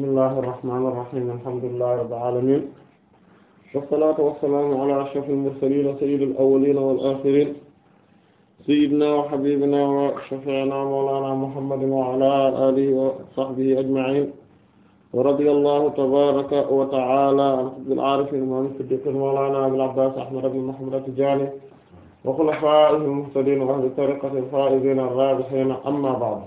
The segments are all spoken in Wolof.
bismillahir rahmanir rahim alhamdulillahi rabbil alamin wassalaatu wassalaamu ala ashrafil mursaliin sayyidil awwaliin wal aaxiriin sayyidinaa wa habiibinaa wa shafii'inaa mawlaanaa muhammadin wa ala aalihi wa sahbihi ajma'iin wa radiyallahu tabaaraka wa ta'aalaa an qutbil aarifiin imaam siddiqiin mawlaanaa abil abbaas ahmad ibn muhammad at-tijaani wa xulafaa'ihil muhtadiin wa ahli tariiqatihil faa'iziinar raabihiin ammaa ba'd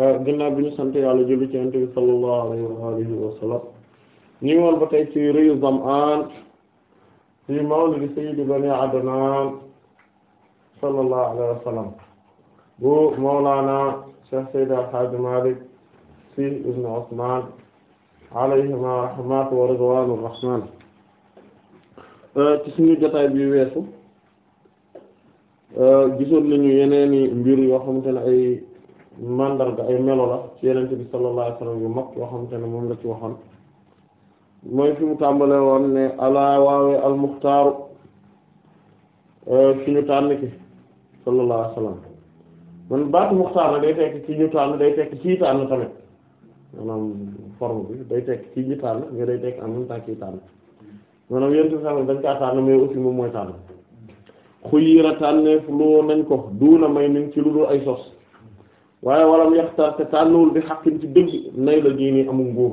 Euh, gannaaw bi ñu sant yàlla julli ci yonent bi sallallahu alayhi wa alihi wa sallam ñu ngi woon ba tey ci Riyu Zam'an fi mawlid sayyid bani Adnan sallallahu alayhi wa sallam bu Mawlana Cheikh Seydi El Hadji Malick Sy ibn Usman alayhima rahmatu wa ridwanu rahman euh, ci suñu jotaay bi weesu euh, gisoon nañu yeneeni mbir yoo xamante ne ay màndarga ay melo la ci yenente bi sallallahu yu mag yoo xamante ne moom la ci waxoon mooy fi mu tàmbale woon ne ala waawe al muxtaaru ci ñu tànn ki sallallahu alayhi wasallam man baatu muxtaar day tekk ci ñu tànn day tekk ci tànn tamit maanaam forme bi day tekk ci ñu tànn mais day tekk en même temps ci tànn maanaam yenente bi sallallahu alayhi dañ kaa tànn mais aussi moom mooy tànn xuyira tànneef lu nañ ko duuna may niñ ci lu dul ay sos waaye walam yaxtar te di bi xaqin ci dëgg nay la jii amul nguur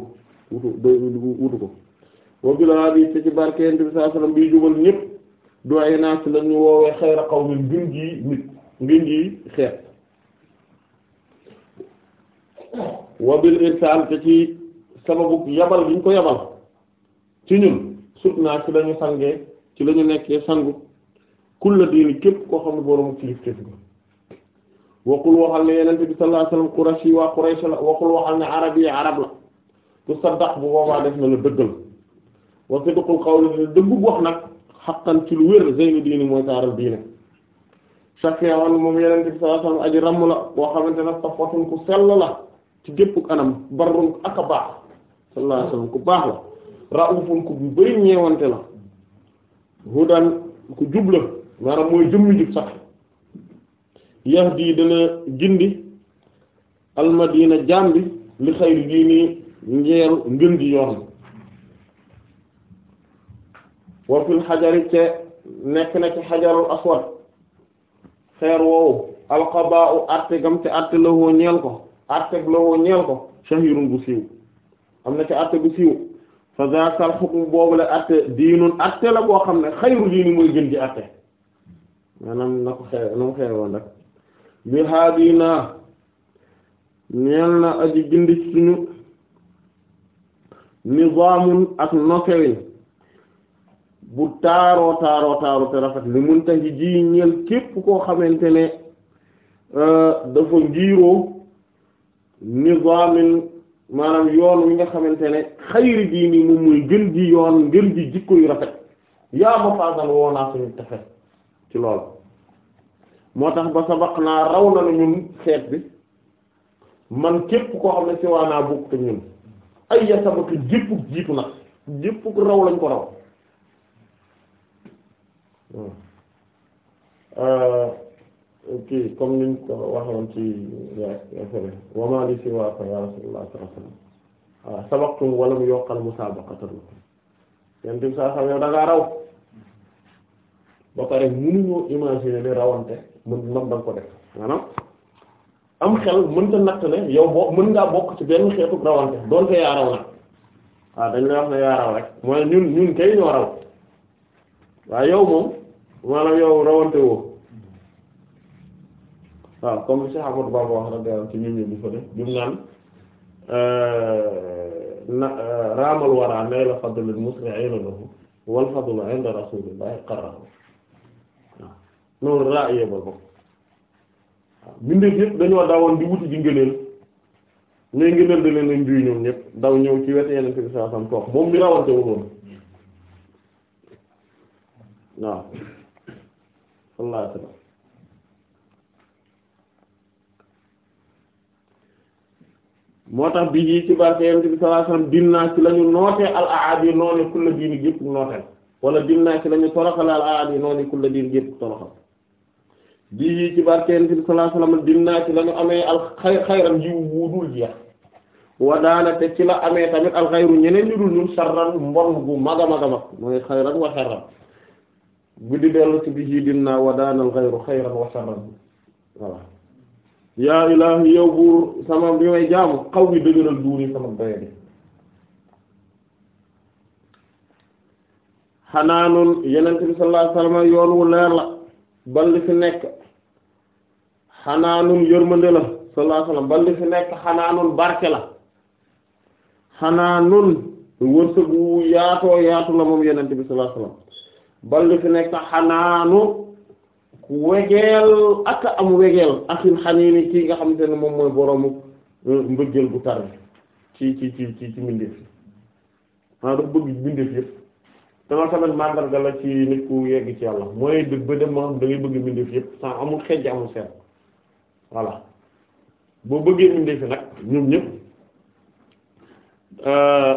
wutu wutu ko wabilaa bi te ci barke yente bi sallallahu alayhi wasallam bi la ñu woowee xayra qawmin ngën jii nit ngën jii xeet wabil irsaal ci ko yabal naa lañu sangee ci lañu nekkee sangu la diini képp koo xam ne boroom kilifteef ko waqul waxal ne yenente bi sallallahu alayhi wasallam qurashi waa ne arab yi arab la tu saddax bu boobaa def na la dëggal wa sidqul qawli dëggub wax nag xaqan ci lu wér zeynu diini mooy taaral diine shafi'an moom yenente bi sallallahu alayhi wasallam aji ramm la boo xamante ne safatun ku sell la ci gépp anam barrun ak a baax sallallahu alayhi wasallam ku baax la ra'ufun ku bari ñeewante la hudan ku jubla maanaam mooy jëmmi sax yahdi dana gindi almadina jambi li xayri diini njeeru ngën yoon wa xajari te nekk na ci xajarul aswad xeer woowu alqabaa u arte lawoo ñeel ko arteg lawoo ñeel ko shahirun bu siiw am na ci arte bu siiw fa zakal xukm boobu la arte diinun arte la boo xam ne xayru diini mooy gën ji arte maanaam na ko xeer na xeer woon rek bi haadina ñeel na aji gindi suñu nizaamun ak nosewin bu taaroo taaroo taaro te rafet li mun taxi ji ñeel képp koo xamante ne euh, dafa ngiiroo nizaamin maanaam yoon wi nga xamante ne xayri diini moom muy gën ji yoon gën ji jikko rafet yaa ma faasal woo suñu tefe ci loolu moo tax ba sabaq naa raw na la ñun xeet bi man képp koo xam ne si waa naa bokk te ñun ay ya sabaq jiitu nag jépp raw lañ ko raw hmm. euh, kii comme niñ ko waxoon ci yaay wa maa li siwaaka yaa Rasulullah sallallahu alayhi wasallam waaw ah, sabaqtum walam yokkal musaabaqatan tamit saa xam yow da ngaa raw ba pare mënuñoo imaginer di rawante mën moom da nga ko def am xel mënta natt ne yow boo mën ngaa bokk ci benn xeetu rawante doonte yaa raw nag waaw dañ lay wax ne yaa raw rek mooy ñun ñun kay ñoo raw waaye yow moom maanaam yow rawante woo waaw comme li Cheikh Amadou Bamba wax rek daal ci ñun ñu fa def bi mu naan euh, na euh, raamal waraa nay la fadlul musli'ina lahu wal fadlu 'inda rasulillahi qarrahu loolu raa yebal ko waaw bindeef yëpp dañoo dawoon di wuti ji ngëneel mais ngëneel da leen njuy ñoom ñëpp daw ñëw ci wet yeneen bi saa sam toog moom mi rawante wuloon waaw sallallahu alayhi wasallam moo tax bi ci barke la ñu yi noone kulla diini gépp nooteel wala dinaa ci toroxal al aad yi noone kulla diini bii ci barkeen bi sallallahu alayhi wasallam dinaa ci la amee al xay xayram jiw wuudul wa daana te ci la amee tamit al ñeneen ñu dul ñun sarran mbon bu mag a mag a mag mooy xayran wa sarran bu di dellu ci bii dinaa wa daana al xayru wa sarran voilà yaa ilaahi yow buur sama bi may jaamu xaw yi dëgëral duuni sama doye bi xanaanun yeneen bi sallallahu yoon wu leer la balli fi nekk xanaanun yërmande la sallallahu alayhi wasallam balli fi nekk xanaanun barke la xanaanun wërsëgu yaatoo yaatu la moom yenente bi sallallahu alayhi fi nekk xanaanu ku wegeel ak am wegeel axil xaniini kii nga xamante ne moom mooy boroomu euh, mbëggeel bu tar ci ci ci ci ci mbindeef yi dafa bëgg mbindeef yëpp dama tamit mandarga la ci nit ku yegg ci yàlla mooy dëgg ba dem moo xam da ngay bëgg mbindeef yëpp sans amul xejj amul seet voilà boo bëggee mbindeef nag ñoom ñëpp euh,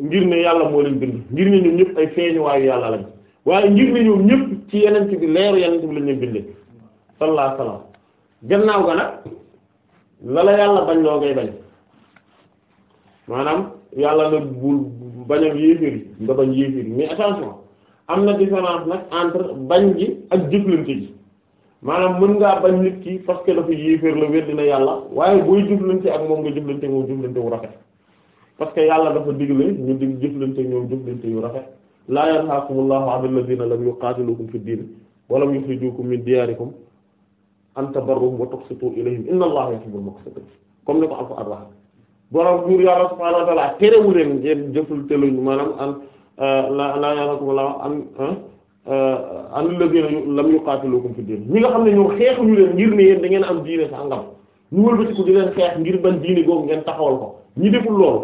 ngir ne yàlla moo leen bind ngir ne ñoom ñëpp ay feeñuwaayu yàlla lañ waaye ngir ne ñoom ñëpp ci yenent bi leeru yenent bi lañ bindee sallallahu alayhi gannaaw ga nag la la yàlla bañ loo ngay bañ maanaam yàlla la bul bañ ak yéeféer yi nga bañ yéeféer yi mais attention am na différence nag entre bañ gi ak jëflante gi maanaam mun ngaa bañ nit ki parce que dafa yéeféer la weddi na yàlla waaye booy jëflante ak moom nga jëflante moom jëflante bu rafet parce que yàlla dafa digle ñu dig jëflante ñoom jëflante yu rafet laa yanhaakumullahu an alladhina lam yuqatilukum fi ddin wa lam yukhrijukum min diyarikum an tabarruhum wa tuqsitu ilayhim inna allaha yuhibbul muqsitin comme ni ko alquran wax borom buur yàlla subhaanahu wa ta'aala terewu leen ngeen jëful te luñu maanaam an euh, la la yanakum la an euh, an lazina lam yuqaatilukum fi diin ñi nga xam ne ñoo xeexuñu leen ngir ne da ngeen am diine sàngam di leen xeex ngir ban diine googu ngeen taxawal ko ñi deful loolu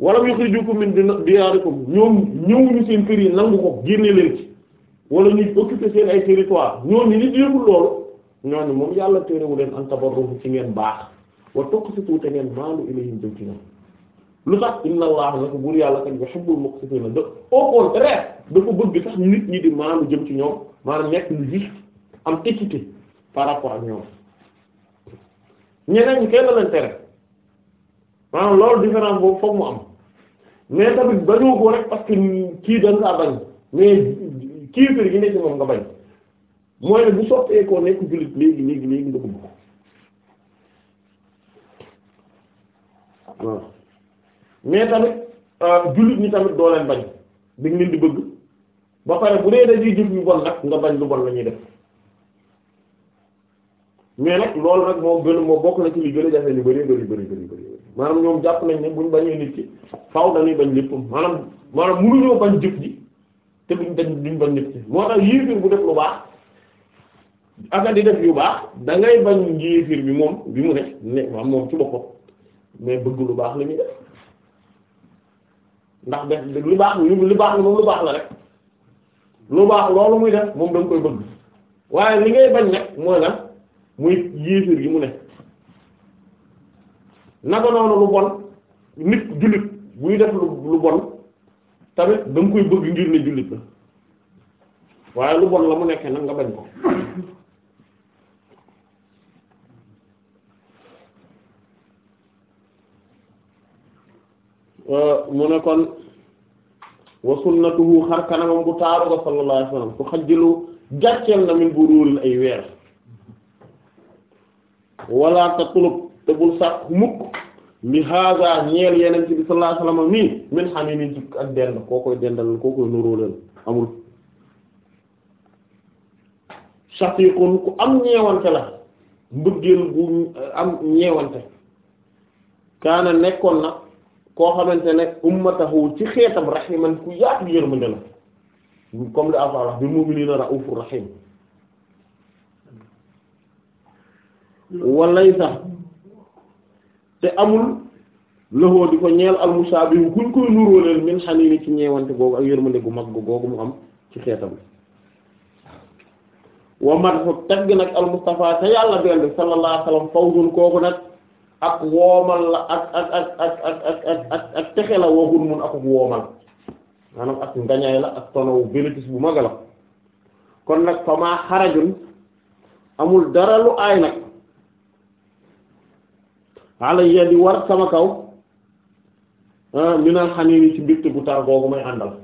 wala yukhrijukum min diyaarikum ñoom ñëwuñu seen kër yi nangu ko génne leen wala ñuy occuper seen ay territoire ñooñu li deful yàlla terewu leen an ci ngeen baax wa tuqsitu te ngeen maalu ilayhim jëm ci ñoom lu tax inna allah nag buur yàlla kat yuhibbul muqsitina de au contraire dafa bëgg sax nit ñi di maalu jëm ci ñoom maa nekk lu juste am équité par rapport ak ñoom ñeneen ñi kenn lañ tere maanaam loolu différence boobu foog mu am mais tamit bañoo ko rek parce kii dañ saa bañ mais kii firi gi nekk moom nga bañ mooy ne bu soppeekoo nekk jullit léegi léegi léegi nga bëgg mais tamit euh, jullit ñi tamit doo leen bañ dañ leen di bëgg ba pare bu dee dañuy jëf ñu bon nag nga bañ lu bon la ñuy def mais nag loolu nag moo gën moo bokk na ci li gën a jafe li bari bari bari ñoom jàpp nañ ne buñ bañee nit ki faaw dañuy bañ lépp maanaam maanaam mënuñoo bañ jëf ji te duñ dañ duñ bañ nit ki moo tax yéefir bu def lu baax ak def yu baax da ngay bañ yéefir bi moom bi mu ne ne moom ci boppam mais bëggu lu baax la ñuy def ndax def lu baax lu baax la lu baax la rek lu baax loolu muy def moom da koy bëgg waaye li ngay bañ nag mooy nag muy yéefir gi mu ne naka noonu lu bon nit jullit buy def lu bon tamit da koy bëgg ngir ne jullit la waaye lu bon la mu nekkee nag nga bañ ko mu ne kon wa sunnatuhu xar kanamam bu taaru ga su xajjilu gàcceel na min bu róorin ay weer wala tatlub te bul sàkk mukk li haga ñeel yeneen ci bi sallallahu mii min xam ne ni jikk ak dend koo koy dendal koo koy nuróoleel amul shafiqun ku am ñeewante la mbëggeel bu am ñeewante kaana nekkoon na koo xamante ne ummatahu ci xeetam rahiman ku yaatu yërmande la comme li Alxuraan wax bil mu'minina ra'ufur rahim walaysa te amul loxoo di ko ñeel al musaabihu kuñ koy nuróoleel min xaniini ci ñeewante googu ak yërmande gu mag googu mu am ci xeetam wa madhu tagg nag al Mustafa te yàlla benn sallallahu alayhi wasallam fawzun kooku nag ak woomal la ak ak ak ak ak ak ak ak ak texe la waxul mun akuk woomal maanaam ak ngañaay la ak tonawu bénéfice bu mag la kon nag fa maa xarajun amul dara lu aay nag alayya di war sama kaw ah, minal xaniiri ci mbégte bu tar googu may àndal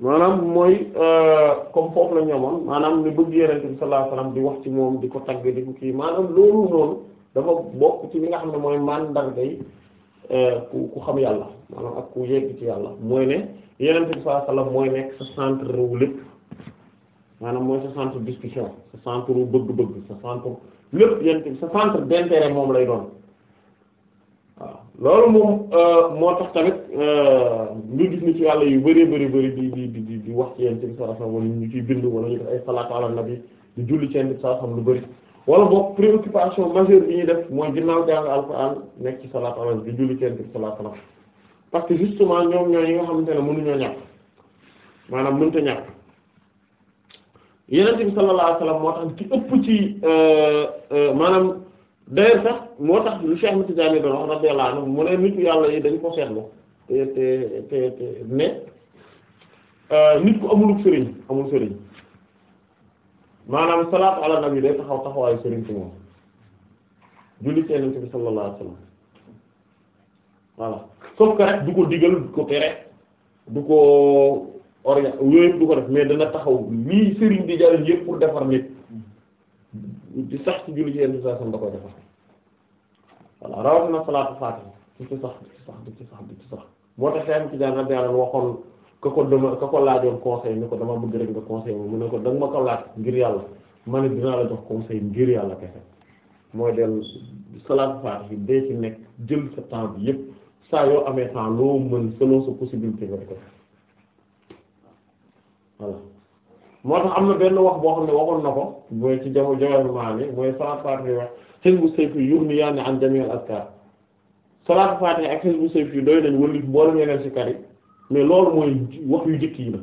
maanaam mooy euh, comme foofu la ñu amoon maanaam ni bëgg yonent bi sallallahu alayhi wasallam di wax ci moom di ko tagg di ko kii maanaam loolu noonu dafa bokk ci li nga xam ne mooy mandarga yi euh, ku ku xam yàlla maanaam ak ku yegg ci yàlla mooy ne yonent bi sallallahu alayhi wasallam mooy nekk sa centre wu lépp maanaam mooy sa centre discussion sa centre wu bëgg-bëgg sa centre lépp yonent bi sa centre d'intérêt moom lay doon. waaw loolu moom euh, moo tax tamit nga euh, gis ni ci yàlla yu bëree bëri bëri di di di di wax ci yéen ci sa rafet wala ñu ciy bind wala ñu def ay salaatu ala nabi di julli ci yéen sa xam lu bëri wala boog préoccupation majeure bi ñuy def mooy ginnaaw jàng alxuraan nekk ci salaatu ala di julli ci yéen salaatu ala parce que justement ñoom ñoo yi nga xamante ne mënuñoo ñàkk maanaam mënta ñàkk yonent bi sallallahu alayhi wasallam moo tax ci ëpp ci euh, maanaam. d'ailleurs sax moo tax lu Cheikh Ahmed Tidiane doon wax radiyallahu anhu mu ne nit yàlla yi dañ ko seetlu te te te ne euh, nit ku amuluk sëriñ amul sëriñ maanaam salaatu ala nabi day taxaw taxawaayu sëriñ ci moom julli ci Yonent bi sallallahu alayhi wasallam voilà sauf que rek du ko digal du ko tere du ko or yooyu du ko def mais dana taxaw lii sëriñ di jariñ yëpp defar nit di sax ci jullit yenn saa sam da koy defar voilà rawatina salaatu faatiha di ci sax di sax di sax di sax moo tax xeetu ci daan ko dama nga conseil mu ne ko da ma ko laaj ngir yàlla ma ne dinaa la jox conseil ngir yàlla kese mooy dellu salaatu faatiha dee ci nekk jël sa temps saa yoo amee temps loo mën selon sa possibilité ko voilà. moo tax am na benn wax boo xam ne waxoon na ko mooy ci jaw jawal maani mooy salaat faatiha wax xisbu sayf yi yur ni yaani an jamil askar salaat faatiha yi doy nañ wëlif mboolem yeneen mais loolu mooy wax yu jëkk yi la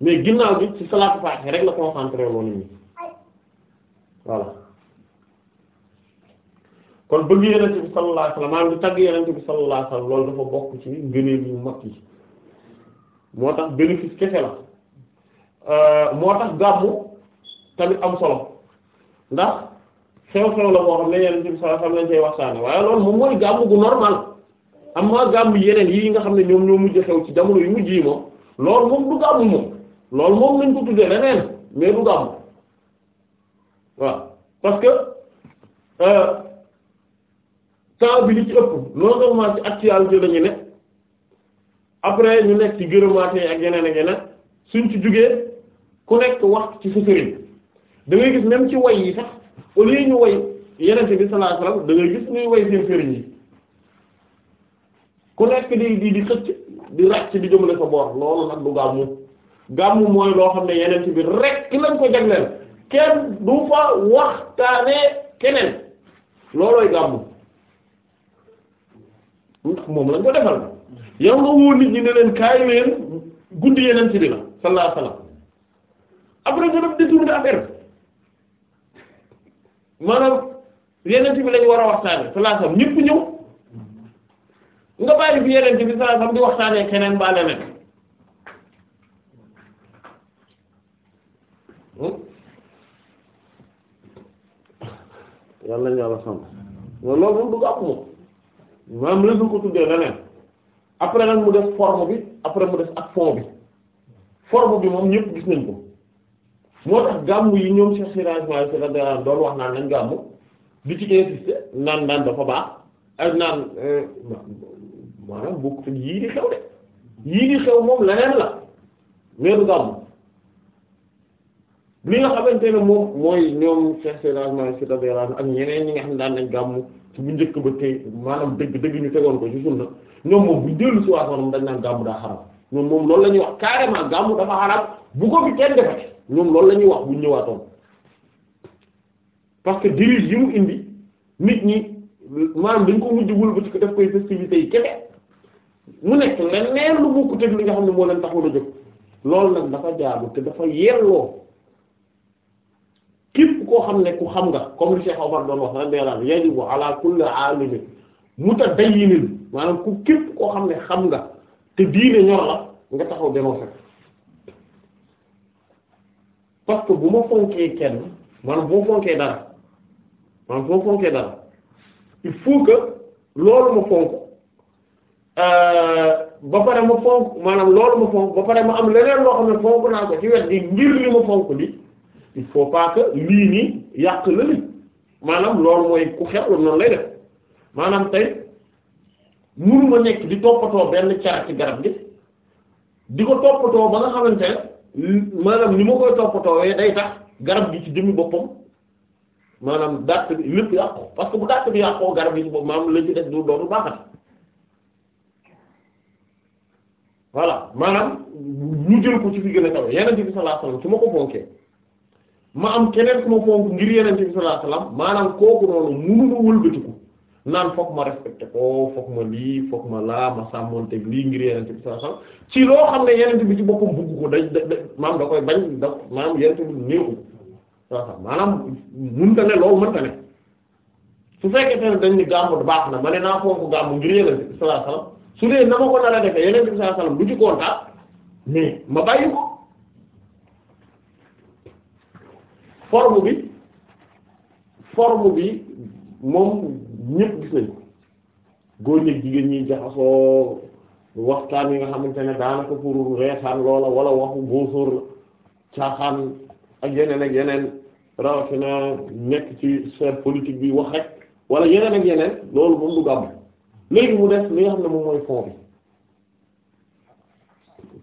mais ginnaaw bi ci salaat faatiha rek la concentré loo nit ñi voilà kon bëgg di tagg yenente bi sallallahu alayhi wasallam loolu moo tax bénéfice kese la Euh, moo tax gàmmu tamit am solo ndax xew-xew la boo xam ne yeneen bi sallallahu alayhi wasallam lañ koy waxtaane waaye loolu moom mooy gàmmu gu normal am ma gàmmu yeneen yi nga xam ne ñoom ñoo mujj xew ci jamono yu mujj yi moom loolu moom du gàmmu moom loolu moom lañ ko tuddee leneen mais du gàmmu waaw parce que euh, temps bi li ci ëpp non seulement ci actualité lañu ne après ñu nekk ci gërëmaate ak yeneen ak yeneen suñ ci jógee ku nekk wax ci sa sëriñ da gis même ci way yi sax au lieu ñu way yenente bi sallallahu alayhi wasallam da ngay gis ñuy way seen sëriñ yi ku nekk di di di xëcc di ràcc di jëmale sa boor loolu nag du gàmmu gàmmu mooy loo xam ne yenente bi rek ki lañ ko jagleel kenn du fa waxtaanee keneen loolooy gàmmu ndax moom lañ ko defal yow nga wóor nit ñi ne leen kaay leen guddi bi la sallallahu après nga def détourné affaire bi maanaam yeneen bi lañu war a waxtaane sallallahu alayhi wasallam ñëpp ñëw nga bàyyi fi yeneen bi sallallahu di waxtaane keneen ba leneen hmm? yàlla ñu yàlla sant loolu moom du ko moom maanaam réseau ko tuddee leneen après nag mu def forme bi après mu def ak fond bi forme bi moom ñëpp gis nañ ko moo tax gàmm yi ñoom Cheikh Siraj Malik Sy doon wax naan nañ gàmmu di ci insister naan naan dafa baax ak naan euh, maanaam bokk yii di xew de yii di xew moom leneen la mais du li nga xamante ne moom mooy ñoom Cheikh Siraj Malik ak ñeneen ñi nga xam ne daan nañ gàmm ci bu njëkk dëgg dëgg ñu tegoon ko ci sunna moom bu dellu si waat maanaam dañ naan gàmm daa xaram ñoom moom loolu la wax carrément gàmm dafa xaram bu ko fi kenn defati ñoom loolu lañuy wax bu ñëwaatoon parce que dirige yi mu indi nit ñi maanaam dañ ko mujj wëlbati ko def koy festivités yi kebe mu nekk leneen lu bokkut ak li nga xam ne moo leen taxoon a jóg loolu nag dafa jaabu te dafa yelloo képp koo xam ne ku xam nga comme li Cheikh Omar doon wax radiyallahu anhu yajibu ala kulli alimin mutadayyinin maanaam ku képp koo xam ne xam nga te diine ñor la nga taxaw dénoncer parce que bu ma fonkee kenn maanaam bu ma fonkee dara maanaam bu ma fonkee dara il faut que loolu ma fonk euh, ba pare ma fonk maanaam loolu ma fonk ba pare ma am leneen loo xam ne fonk naa ko ci wet gi ngir li ma fonk li il faut pas lii nii yàq la li maanaam loolu mooy ku xewlu noonu lay def maanaam tey mënu ma nekk di toppatoo benn car ci garab gi di ko toppatoo ba nga xamante maanaam ni ma koy toppatoowee day tax garab gi ci jëmmi boppam maanaam dàtt bi lépp yàqu parce que bu dàtt bi yàqoo garab gi ci boppam maanaam lañ ci def du dootul baaxati maanaam ñu jël ko ci fi gën a kawe yeneen bi sallallahu alayhi su ma ko fonkee ma am keneen ku fonk ngir yeneen bi sallallahu alayhi maanaam kooku noonu mënu ma wëlbatiku naan foog ma respecté ko foog ma lii foog ma laa ma sàmmonteeg lii ngir yenente bi sallallahu alayhi wasallam ci loo xam ne yenente bi ci boppam bugg ko day da maam da koy bañ da maam yenente bi néewu sallallahu maanaam mënta ne loolu mënta ne su fekkee te dañ ni gàmmu baax na ma ne naa foofu gàmmu ngir yenente bi sallallahu alayhi wasallam su dee na ma ko nar a defee yenente bi sallallahu alayhi wasallam du ci kontaan mais ma bàyyi ko forme bi forme bi moom ñépp gis nañ góor ñi jigéen ñi jaxasoo waxtaan yi nga xamante ne daanaka pour reexaan loola wala waxu buusóor la caaxaan ak yeneen ak yeneen rawatina nekk ci sphère politique bi wax rek wala yeneen ak yeneen loolu moom du gàmm léegi mu def li nga xam ne moom mooy fond bi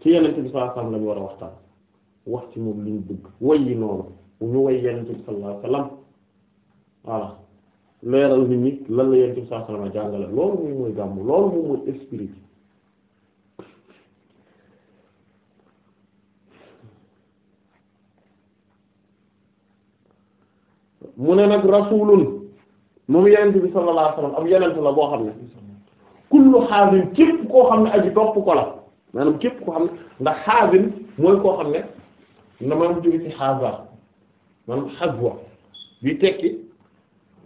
ci yeneen bi sallallahu lañu war a waxtaan wax ci moom luñ ñu way yi noonu ñu way yeneen bi sallallahu alayhi wasallam leeral nit ñi lan la yéen ci saa salama jàngale loolu moom mooy gàmm loolu moom mooy esprit mu ne nag rasulun moom yenent bi sallallahu alayhi wasallam am yenent la boo xam ne kullu xaasin képp koo xam ne aji topp ko la maanaam képp koo xam ne ndax xaasin mooy koo xam ne na maanaam jóge ci xaasa maanaam xaswa bi tekki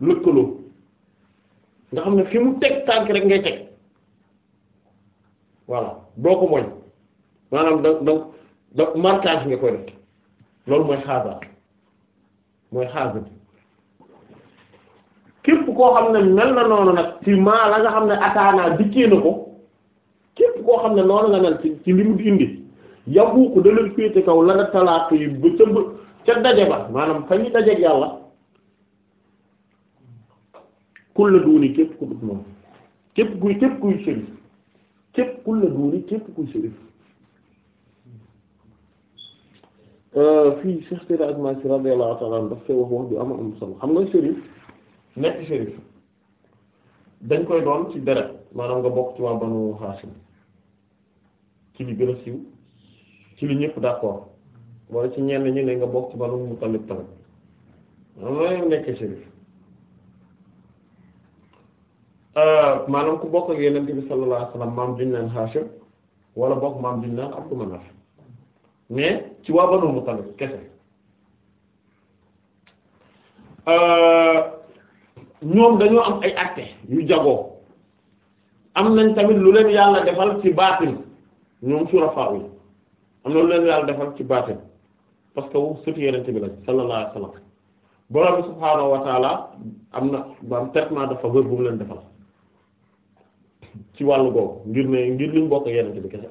lëkkaloo nga xam ne fi mu teg tànk rek ngay teg voilà doo ko moñ maanaam da da da marquage nga ko rek loolu mooy xaasa mooy xaasa bi képp koo xam ne mel na noonu nag ci maa la nga xam ne ataanaa dikkee na ko képp koo xam ne noonu nga mel ci ci li mu indi yabu ko da féete kaw la nga talaata yi ba ca ba ca daje ba maanaam fa ñu dajeeg yàlla kulla duuni képp ku dut moom képp kuy képp kuy shérif képp kulla duuni képp kuy shérif euh, fii Cheikh Seydi Ajma Si radiyallahu ta'ala anhu daf koy wax wax bi am am solo xam nga shérif nekk shérif dañ koy doon ci deret maanaam nga bokk ci waa Banu Hashim ci li gën a siiw ci li ñëpp d'accord wala ci ñenn ñi ne nga bokk ci Banu Muttalib tamit am na nekk shérif Euh, maanaam ku bokk ak Yonent bi sallallahu alayhi wasallam maam duñ leen Haashim wala bokk maam duñ naan Abdu Manaf mais ci waa Banu Muttalib kese euh, ñoom dañoo am ay acte yu jagoo am nañ tamit lu leen yàlla defal ci baatin ñoom surafaa yi am na lu leen yàlla defal ci baatin parce que sëtu Yonent bi la sallallahu alayhi wasallam borom subhaanahu wa am na ba am traitement de faveur bu mu leen defal. ci wàllu googu ngir ne ngir liñ bokk yenente bi kese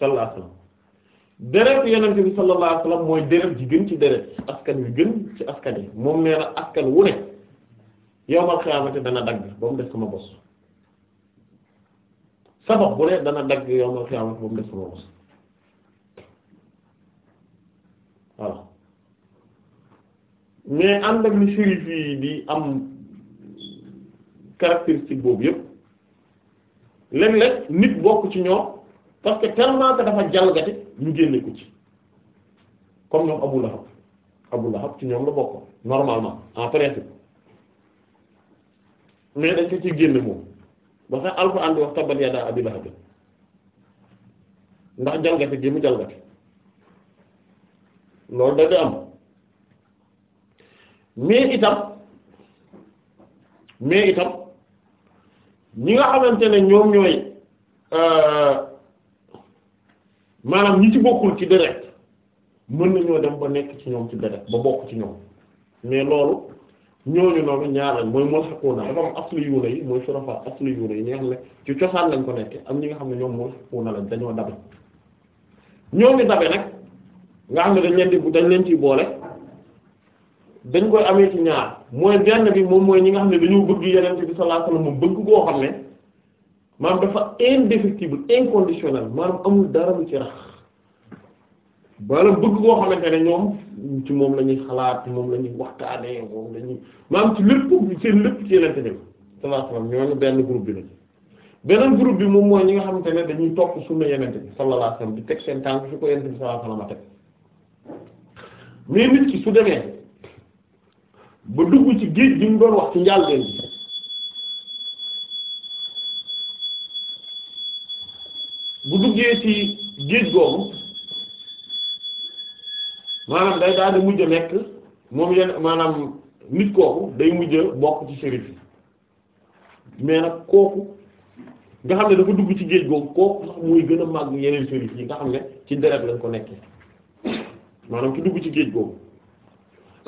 sallallahu alayhi wasallam deret yenente bi sallallahu alayhi mooy deret ji gën ci deret askan wi gën ci askan yi moom nee na askan wu ne yowmal xiyaamati dana dagg ba mu def sama bos sabab bu ne dana dagg yowmal xiyaamati ba mu def sama bos voilà mais ànd li shérif yi di am caractéristique boobu yépp léeg-léeg nit bokk ci ñoom parce que tellement dafa jalgati ñu génne ko ci comme ñoom Abu Lahab Abu Lahab ci ñoom la bokk normalement en principe mais dañ ko ci génne moom ba sax Alxuraan di wax tabbat yadaa Abi Lahab ndax jalgati gi jalgati loolu da di am mais itam mais itam. ñi nga xamante ne ñoom ñooy euh, maanaam ñi ci bokkul ci deret mën nañoo dem ba nekk ci ñoom ci deret ba bokk ci ñoom mais loolu ñooñu noonu ñaar lañ mooy mulhaquuna dafa am aslu yuuna yi mooy surafa aslu yuuna yi ñi nga ne ci cosaan lañ ko nekkee am ñi nga xam ne ñoom mulhaquuna lañ dañoo dabe ñooñu dabe nag nga xam ne dañ leen dañ leen ciy boole dañ koy amee ci ñaar mooy benn bi moom mooy ñi nga xam ne dañoo bëgg yenente bi sallallahu alayhi wasallam bëgg koo xam ne maanaam dafa indéfectible inconditionnel maanaam amul dara lu ci rax maanaam bëgg koo xamante ne ñoom ci moom la ñuy xalaat moom la ñuy waxtaanee moom la ñuy maanaam ci lépp seen lépp ci bi benn groupe beneen groupe moom mooy ñi nga xamante ne dañuy topp sunna yenente bi sallallahu alayhi di teg seen tànk fi ko yenente bi sallallahu alayhi a teg mais nit ki su demee ba dugg ci géej gi mu doon wax ci njàlleen bi bu duggee ci géej googu maanaam day daal di mujj nekk moom yenn maanaam nit kooku day mujj bokk ci sérif yi mais nag kooku nga xam ne dafa dugg ci géej googu kooku sax mooy gën a màgg yeneen sérif yi nga xam ne ci deret lañ ko nekkee maanaam ki dugg ci géej googu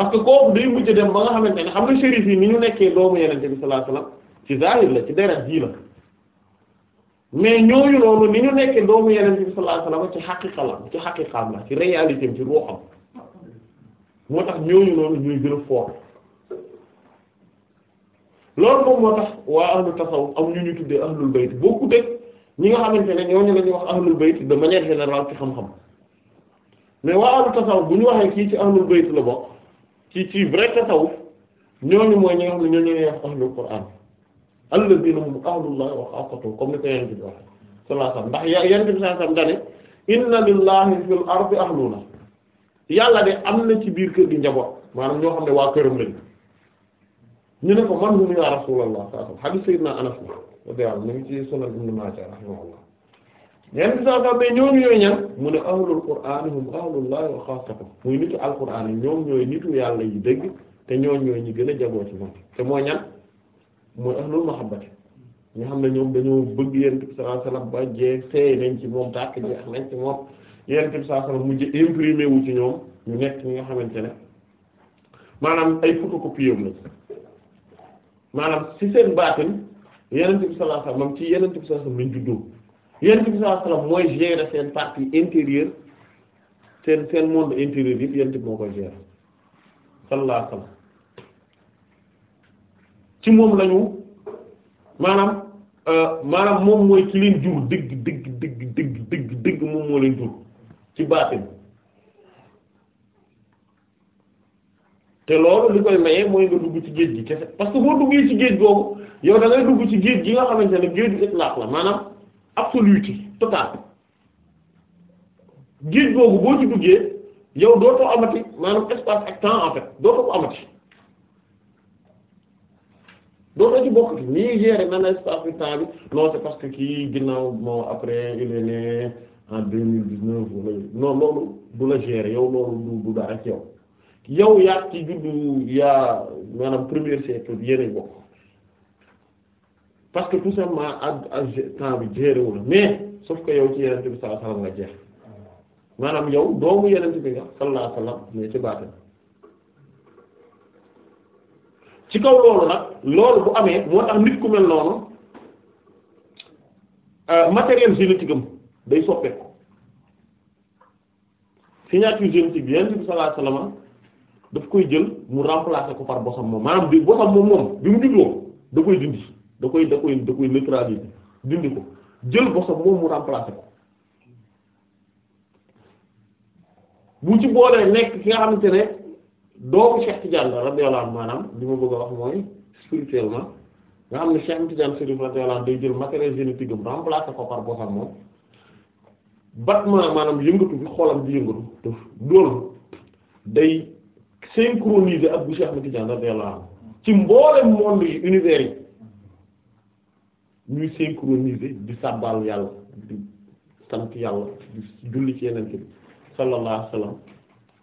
parce que kooku day mujj dem ba nga xamante ne xam nga shérif yi ni ñu nekkee doomu yenente bi sallallahu alayhi wasallam ci zahir la ci deret ji la mais ñooñu noonu ni ñu nekkee doomu yenente bi sallallahu alayhi wasallam ci xaqiqa la ci xaqiqaam la ci réalité ci ruuxam moo tax ñooñu noonu ñuy gën a fort loolu moom moo tax waa ahlu tasawuf am ñu ñu tuddee ahlul bayt bokku dëkk ñi nga xamante ne ñooñu la ñuy wax ahlul bayt de manière générale ci xam-xam mais waa ahlu tasawuf bu ñu waxee kii ci ahlul bayt la bokk ci ci vrai tasawuf ñooñu mooy ñi nga xam ne ñoo ñooy ahlul Qur'an alladhina hum ahlullah wa xaafatuhu comme ni ko yonent bi waxee sallallahu alayhi wasallam ndax ya yonent bi sallallahu alayhi inna lillahi fil ardi ahluna yàlla de am na ci biir kër gi njaboot maanaam ñoo xam ne waa këram lañu ñu ne ko man hum ya rasulullah sallallahu alayhi wasallam hadith sayyidina Anas radiyallahu anhu mu ci sunan Ibn Majah rahimahullah yenn bi saa mais ñooñu yooyu ñan mu ne ahlul qur'aan hum ahlullahi wa xaasatuh muy nitu alqur'aan yi ñoom ñooy nitu yàlla yi dëgg te ñooñu ñooy ñi gën a jagoo ci moom te moo ñan mooy ahlul mahabbati ñi xam ne ñoom dañoo bëgg yonent bi sallallahu alayhi wasallam ba jeex seey nañ ci moom tàkk jeex nañ ci moom yonent bi sallallahu alayhi wasallam mujj imprimé wu ci ñoom ñu nekk ñi nga xamante ne maanaam ay photocopie am la maanaam ci seen baatin yonent bi sallallahu alayhi wasallam ci yonent yonent bi sallallahu mooy gérer seen partie intérieure seen seen monde intérieur yëpp yonent bi ko koy gérer laa alayhi wasallam ci moom lañu maanaam euh, maanaam moom mooy ki leen jur dëgg dëgg dëgg dëgg dëgg dëgg moom moo leen jur ci baatin te loolu li koy maye mooy nga dugg ci géej gi kese parce que boo duggee ci géej googu yow da dugg ci géej gi nga xamante ne géeju itlaq la maanaam absolue ci total géej googu boo ci duggee yow dootoo amati maanaam espace ak temps en fait dootoo ko amati dootoo ci bokk nii gérer nan espace bi temps bi c'est parce que kii ginnaaw bon après il est en deux mille dix-neuf wala non loolu du la gérer yow loolu du du dara ci yow yow yaa juddu yaa maanaam premier siècle yeneen bokk parce que tout simplement ak ak temps bi gérer la mais sauf que yow ci yeneen bi sallallahu alayhi wasallam nga jeex maanaam yow doomu yeneen bi nga sallallahu alayhi wasallam ci baatin ci kaw loolu nag loolu bu amee moo tax nit ku mel noonu euh, matériel génétique am day soppeeku signature génétique bi yeneen bi sallallahu alayhi daf koy jël mu remplacer ko par bosam moom maanaam bi bosam moom moom bi mu juddoo da koy dindi. da koy da koy da koy neutraliser dindi ko jël bosam moom mu remplacer ko bu ci boolee nekk ki nga xamante ne doomu Cheikh Tidiane radiyallahu maanaam li ma bëgg a wax mooy spirituellement nga xam ne Cheikh Tidiane Chérif radiyallahu anhu day jël matériel génétique am remplacer ko par bosam moom battement maanaam yëngatu bi xolam di yëngatu te loolu day synchroniser ak bu Cheikh Tidiane radiyallahu anhu ci mboolem monde yi yi ñuy synchroniser di sabbal yàlla di sant yàlla di julli ci yeneen bi sallallahu alayhi wa sallam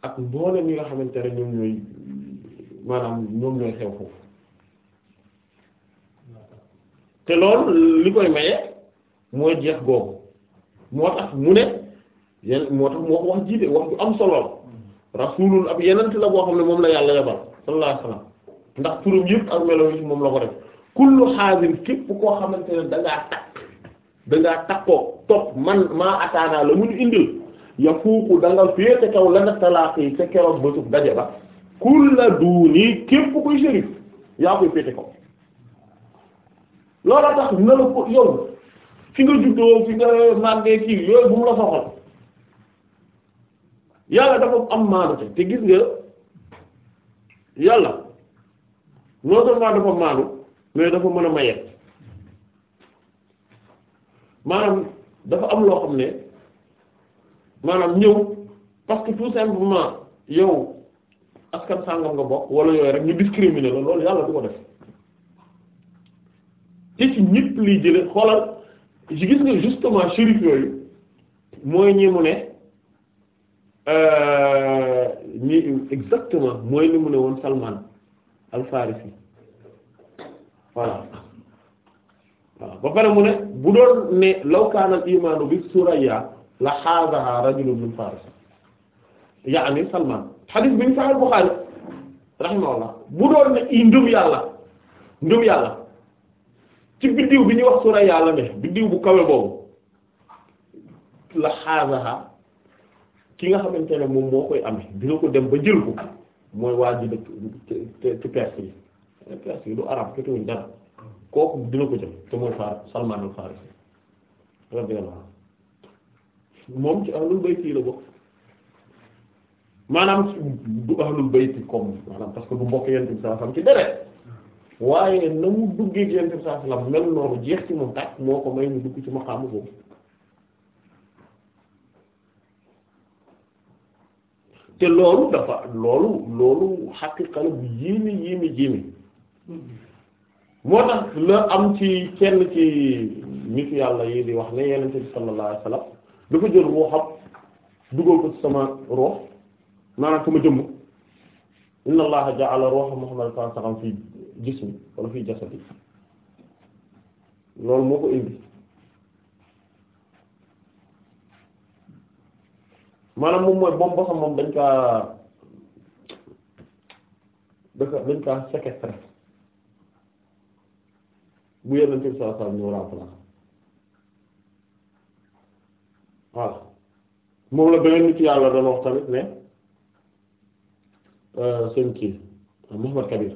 ak mboolem ñi nga xamante ne ñoom ñooy maanaam ñoom ñooy xew foofu te loolu li koy maye mooy jeex googu moo tax mu ne yenn moo tax moo ko wax jiite wax ju am solo la rasulul ab yenent la boo xam ne moom la yàlla yabal sallallahu alayhi wa sallam ndax yëpp ak melo yi moom la ko def kullu xaasin képp koo xamante ne da danga takk da ngaa takkoo topp man maa ataanaa la mu ñu indil ya fuuku da nga féete kaw la nga talaaqi ca keroog bëtub daje ba kulla duuni képp koy shérif yaa koy féete kaw loolu tax na la ko fi nga juddoo fi nga màggee kii yooyu bu mu la soxal yàlla dafa am maanu te gis nga yàlla non seulement dafa maanu mais dafa mën a maye maanaam dafa am loo xam ne maanaam ñëw parce que tout simplement yow askan sàngam nga bokk wala yooyu rek ñu discriminer la loolu yàlla du ko def te ci ñëpp liy jële xoolal gis nga justement shérif yooyu mooy ñi mu ne euh, ñi exactement mooy li mu ne woon Salman al voilà waaw ba pare mu ne bu doon ne law kaana al bi suraya la xaazaha rajulun min faris yaani salman xadis bi ñu saxal Buxaari rahimahullah bu doon ne i ndëm yàlla ndëm yàlla ci biddiw bi ñuy wax suraya la ne biddiw bu kawe boobu la xaazaha ki nga xamante ne moom moo koy amee dina ko dem ba jël ko mooy waa ji dëkk ci Perse yi perse yi du arab jotuwuñ dara kooku dina ko jël te mooy faar Salmaan al-Faarisi moom ci ahlul bayt yi la bokk maanaam du ahlul bayt comme maanaam parce du mbokk yonent bi sallallahu alayhi ci deret waaye na mu duggee yonent bi sallallahu alayhi wasallam mel noonu jeex ci moom tàkk moo ko may mu dugg ci maqaamu boobu te loolu dafa loolu loolu xaqiqa la bu yéeme yéeme yéeme moo tax la am ci kenn ci nit yàlla yi di wax ne yenente bi sallallahu alayhi wasallam dafa jël ruuxam dugal ko ci sama ruux maanaam sama jëmm inna allaha ja'ala ruuha muhammad sallallahu alayhi wasallam fii jismi wala fii jasadi loolu moo ko indi maanaam moom mooy moom bosam moom dañ kaa dañ kaa séquestré bu yeneen ci saa saa ñëw moom la beneen nit yàlla doon wax tamit ne euh, seen kii Mouhamad Kabir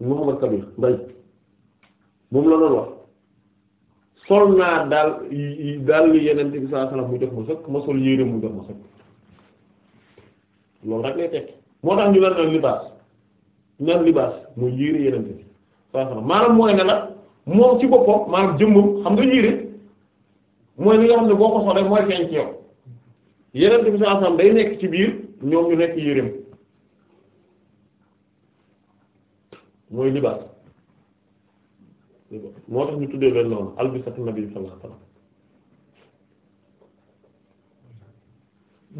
Mouhamad Kabir Mbaye moom la doon wax sol naa daal daal yeneen ci saa saa mu jox ma sëkk ma sol yére mu jox ma sëkk loolu rek lay moo tax ñu naan libaas ñu libaas mooy yére yeneen ci saa saa maanaam mooy ne moom ci boppam maanaam jëmmam xam nga yére mooy li nga xam ne boo ko soxlee mooy feeñ ci yow yeneen bi sallallahu alayhi wasallam day nekk ci biir ñoom ñu nekk yéreem mooy libaas moo tax ñu tuddee leen noonu albisatu nabi sallallahu alayhi wasallam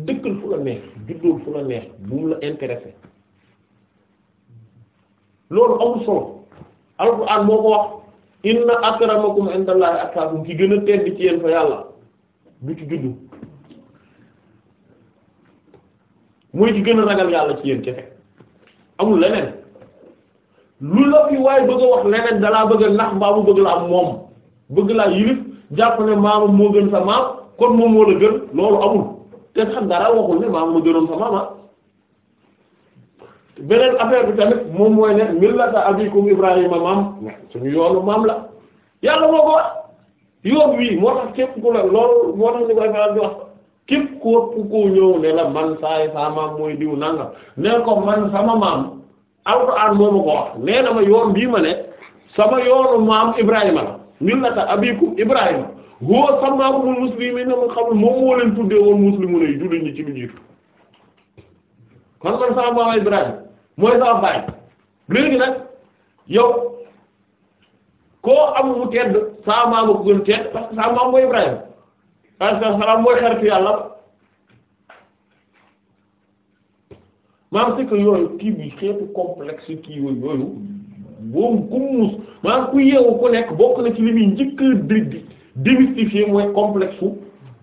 dëkkal fu la neex juddool fu la neex bu la intéressé loolu amul solo alxuraan moo ko wax inna akramakum indallahi atqakum ki gën a tedd ci yéen fa yàlla du ci juddu mooy ci gën a ragal yàlla ci yéen kese amul leneen lu la fi waaye bëgg a wax leneen dalaa bëgg a nax mbaa mu bëgg laa moom bëgg laa yilif jàpp ne maama moo gën sa maam kon moom moo la gën loolu amul te xam dara waxul ne maama ma gënoon sa maama ah. beneen affaire bu tamit moom mooy ne millata abikum ibrahima maam suñu yoonu maam la yàlla moo ko wax yoon wii moo tax képp ku la loolu moo di wax képp ku ko ne la ma yoon bii ma ne sama yoonu ibrahima la millata abikum ibrahima huwa samaakumul muslimiina mu xamul moom moo leen tuddee woon muslimu ne julli ñi ci lu jiitu man man sama maama Ibrahima mooy sama baay léegi nag yow koo amul mu tedd sama maama ko gën tedd parce que sama maama mooy Ibrahima alayhi salaam mooy xaritu yàlla maanaam c'est que yooyu kii bi xeetu complexe kii yooyu yooyu boobu ku muus maanaam ku yeewu ku nekk bokk na ci li muy njëkk a dégg démystifier mooy complexe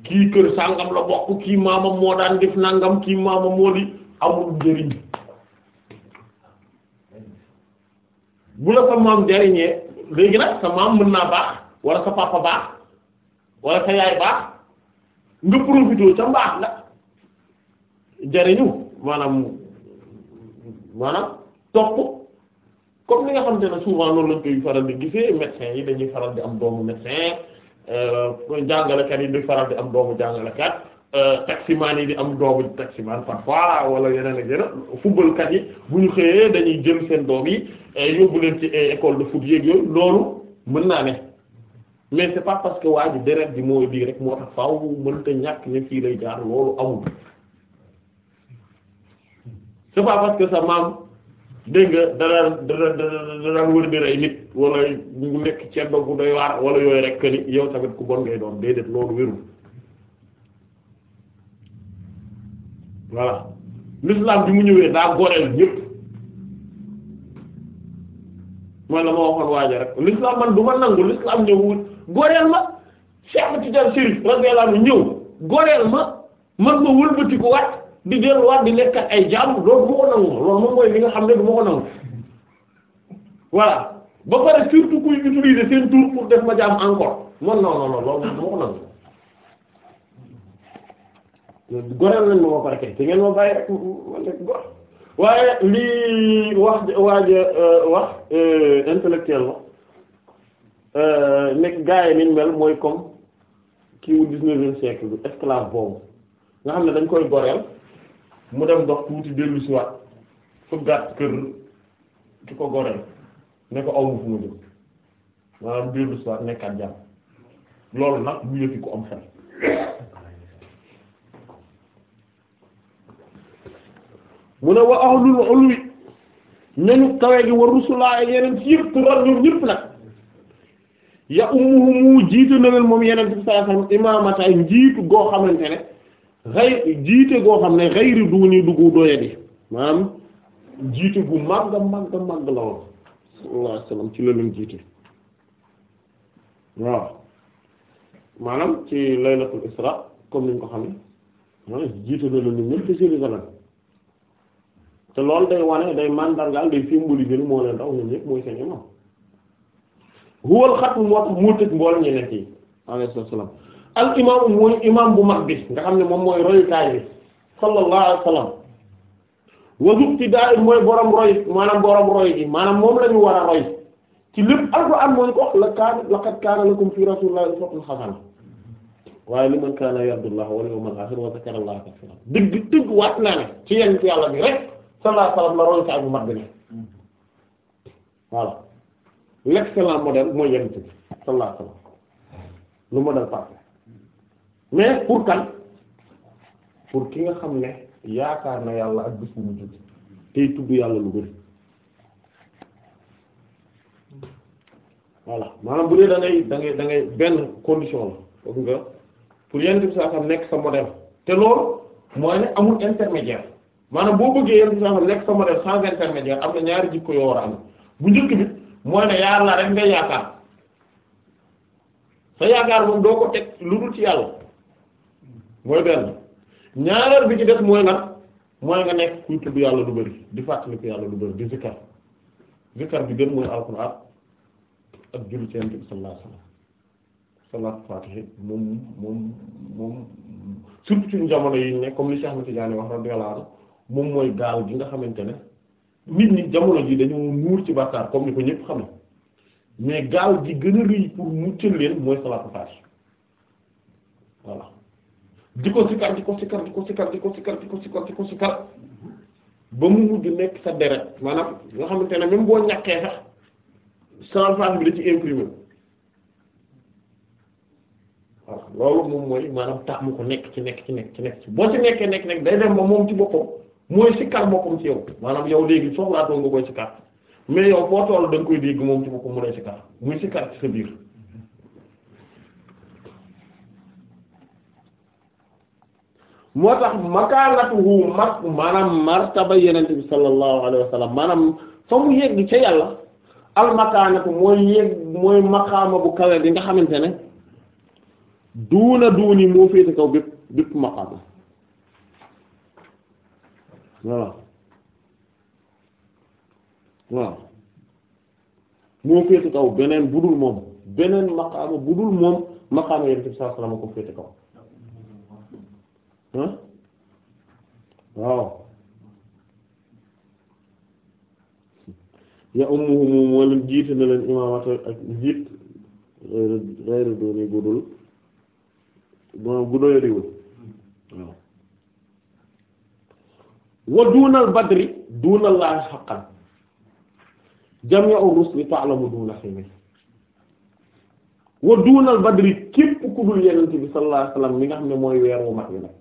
kii kër sangam la bokk kii maamam moo daan def nangam kii maamam moo di. amul njëriñ bu la sa maam jariñee léegi nag sa maam mën naa baax wala sa papa baax wala sa yaay baax nga profité ca mbaax la jariñu maanaam maanaam topp comme li nga xam te ne souvent loolu lañ koy faral di gisee médecins yi dañuy faral di am doomu médecin euh, jàngalekat yi di faral di am doomu jàngalekat Euh, taximaan yi di am doomu taximaan parfois wala yeneen ak yeneen footballkat yi bu ñu xëyee dañuy jël seen doom yi eh, yóbbu leen ci eh, école de foot yeeg yooyu loolu mën naa ne mais c'est pas parce que waa ji deret bi mooy bii rek moo tax faaw mënta ñàkk ne jaar loolu amul c'est pas sa maam dégg nga dara dara dara wër di rey nit wala mu nekk ceeb bu doy waar wala yooyu rekk que ni yow tamit ku bon ngay doon déedéet loolu wérul. voilà l'islam bi mu ñëwee daa goreel ñépp mooy la ma waxoon waaja rek l'islam man du ma nangu l'islam ñëwul goreel ma Cheikh Tidiane Chérif radiyallahu anhu ñëw goreel ma man ma wëlbati ko waat di delluwaat di lekkat ay jàmm loolu du ko nangu loolu moom li xam ne du ma ko nangu voilà ba pare surtout kuy utiliser seen tour pour def ma jàmm encore man non non loolu du ko nangu goreel nañ ma ba pare kay te ngeen ma bàyyi rek man rek gor waaye lii wax waaja euh, wax euh, intellectuel la euh, nekk gaa yi mel mooy comme kii wu dix-neuvième siècle bi esclave boobu nga xam ne dañ koy goreel mu dem dox tuuti dellu si waat fu gàtt kër ki ko goreel ne ko awlu fu ma jëm maanaam dellu si waat nekkaat jàmm loolu nag bu yëfi ku am xel mu ne wa ahlul ulwi ñañu kawe gi wa rusulaa yeneen ci yëpp tural ñoom ñëpp nag ya ummuhumu jiite na leen moom yeneen bi sallallahu alayhi wasallam imaamataay njiitu goo xamante ne xëy jiite goo xam ne xëyri du ni duggu doyadi maanaam jiite gu màgg màgg màgg la woon sallallahu alayhi wasallam ci la leen jiite waaw maanaam ci laylatul isra comme ni ñu ko xam ne te loolu day wane day mandargaal day symboliser ni moo leen raw ñoom ñëpp mooy seen imam huwal xatm moo tax moo tëj nekk yi alayhi salaam al imam mooy imam bu mag bi nga xam ne moom mooy royukaay bi sallallahu alayhi wa sallam wajub daa it mooy borom roy maanaam borom roy gi maanaam moom la war a roy ci lépp alxuraan mooy ko la kaan laqad kaana lakum fi rasuulillahi uswatun hasana waaye li man kaana yardullaha wal yawmal aaxir wa zakarallaha kasiiran dëgg dëgg waat naa ne sallallahu alayhi wa sallam la royukaay bu mag bi ne voilà l'excellent modèle mooy yenent mais pour kan pour ki nga xam ne yaakaar na yàlla ak bés bu mu jug tey yàlla lu bëri voilà maanaam bu dee da ngay da benn condition la foog nga pour yenent bi saa xam nekk sa modèle te loolu mooy ne amul intermédiaire maanaam boo bëggee yenn saa lekk sa modèle sans intermédiaire am na ñaari jikko yoo war bu njëkk bi mooy ne yàlla rek nga yaakaar sa yaakaar moom doo ko teg lu dul ci yàlla mooy benn ñaareel bi ci def mooy nag mooy nga nekk kuy tudd yàlla du bëri di fàttali ko yàlla du bëri di zikkar zikkar bi gën mooy alxuraan ak julli ci Yonent bi sallallahu alayhi wasallam salaatu faatihi yi ne comme wax moom mooy gaal gi nga xamante ne nit ñi jamono ji dañoo nuur ci bàkkaar comme ni ko ñëpp xam mais gaal gi gën a rëy pour muccal leen mooy salaatu faatiha voilà di ko sikar di ko sikar di ko sikar di ko sikar di ko sikar di ko sikar ba mu mujj nekk sa deret maanaam nga xamante ne même boo ñàkkee sax salaatu faatiha bi da ci imprimé voilà loolu moom mooy maanaam tax mu ko nekk ci nekk ci nekk ci nekk ci boo ci nekkee nekk nekk day dem ba moom ci boppam mooy sikkar boppam ci yow maanaam yow léegi soxlaatoo nga koy sikkar mais yow foo toll da koy dégg moom ci boppam mu lay sikkar muy sikkar ci sa biir moo tax makaanatuhu mag maanaam martaba yenente bi sallallahu alayhi wa maanaam fa mu yegg ca yàlla al mooy yegg mooy maqaama bu kawe bi nga xamante ne duuna duuni moo féete kaw bépp bépp maqaama waaw waaw moo féete kaw beneen budul moom beneen maqaama budul moom maqaama yonent bi sallallahu alayhi wasallam ko féete kaw ah waaw ya ummuhum moo leen jiite na leen imaamata ak njiit euh, reere dooni budul bu doyadiwul waaw wa duunal badri duunal laahi xaqan jami'u rusli ta'lamu duuna ximi wa duunal badri képp ku dul bi sallallahu alayhi wasallam mi nga xam ne mooy weer wu mat wi nag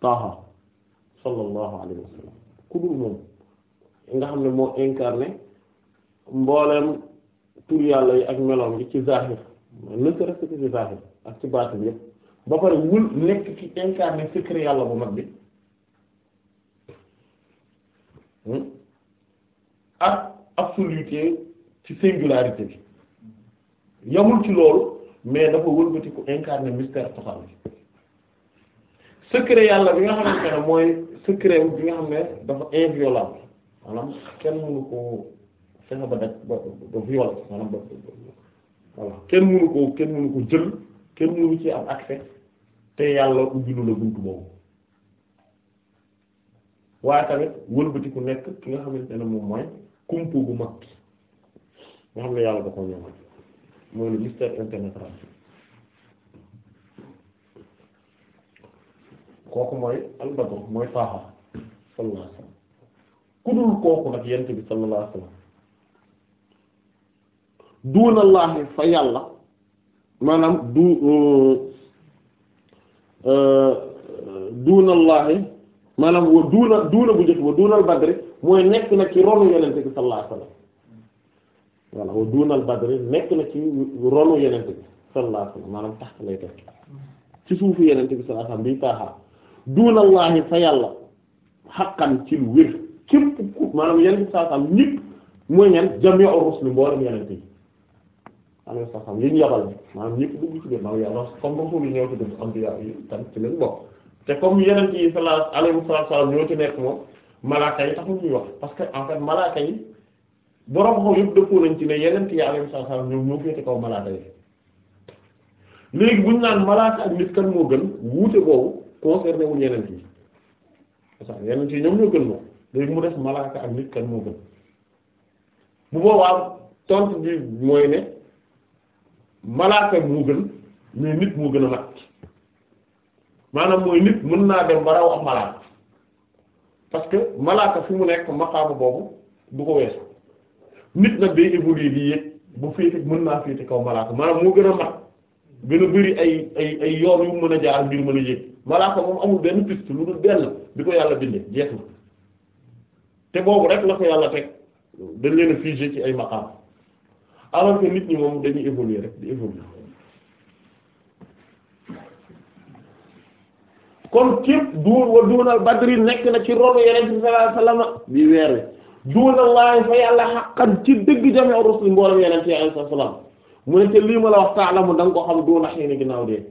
taaha sallallahu alayhi wasallam ku moom nga xam ne moo incarné mbooleem tur yàlla yi ak meloom yi ci zahir ne serait-ce que ci zahir ak ci baatin yépp ba pare wul nekk ci incarné secret yàlla bu mag bi ak absoluté ci singularité bi yamul ci loolu mais dafa wëlbati ku incarner mystère toxal bi secret yàlla bi nga xamante ne mooy secret bi nga xam ne dafa inviolable maanaam kenn mënu ko ba daj ba ba violer maanaam ba voilà kenn mënu ko kenn jël kenn mënu ci am accès te yàlla ubbilu la buntu boobu waaye tamit wëlbati ku nekk ki nga xam ne moom mooy kumpu gu mag nga yàlla da ko ñëw mooy le mystère impénétrable kooku mooy albado mooy faaxa sallallahu alayhi wasallam ku dul kooku nag yent bi sallallahu alayhi wasallam duunallaahi fa yàlla maanaam du euh, euh, duunallaahi maanaam wa duuna duuna bu njëkk ba duunal badri mooy nekk na ci ronu yenente bi sallallahu alayhi dunal badri nekk na ci ronu yenente bi sallallahu alayhi wasallam maanaam tax lay teg ci suufu yenente bi sallallahu alayhi taaxaa dunallahi fa yàlla xaqan ci lu wér képp ku maanaam yenente bi sallallahu alayhi wasallam ñëpp mooy ñan jami'u rusli mboolem yenente yi alayhi wasallam yi ñu yabal maanaam ñëpp dugg ci biir maanaam yàlla comme rasul yi ñëw ci def am bi yi tam ci lañ bokk te comme yenente yi sallallahu alayhi wasallam ñoo ci nekk moom malaaka yi taxul ñuy wax parce que en fait malaaka yi borom xol yëpp dëppoo nañ ci ne yeneen yi alayhi salaam ñoom ñoo féete kaw malaaka yi léegi moo gën wuute boobu concerné wul yi parce yi ñoom ñoo gën moom léegi mu def malaaka ak nit kan moo gën bu boobaa tontu bi mooy ne malaaka moo gën mais nit moo gën a mat maanaam mooy nit mën naa dem ba raw malaaka parce que malaaka fi mu nekk maqaama boobu du ko weesu nit nag day évoluer di yéeg bu féete mën naa féete kaw malaaka maanaam moo gën a mat gën a bëri ay ay ay yoon yu mu mën a jaar ngir mën a yéeg malaaka moom amul benn piste lu dul benn bi ko yàlla bindee jeex na te boobu rek la ko yàlla teg dañ leen a ci ay maqaam alors que nit ñi moom dañuy évoluer rek di évoluer kon képp duun wa duunal badri nekk na ci rolu yeneen bi sallallahu alayhi wasallam bi weer wi duunallaahi fa yàlla xaqan ci dëgg jamee rusli mboolem yeneen ci sallallahu alayhi wasallam mu ne lii ma la wax taalamu da ko xam duuna xëy na ginnaaw dee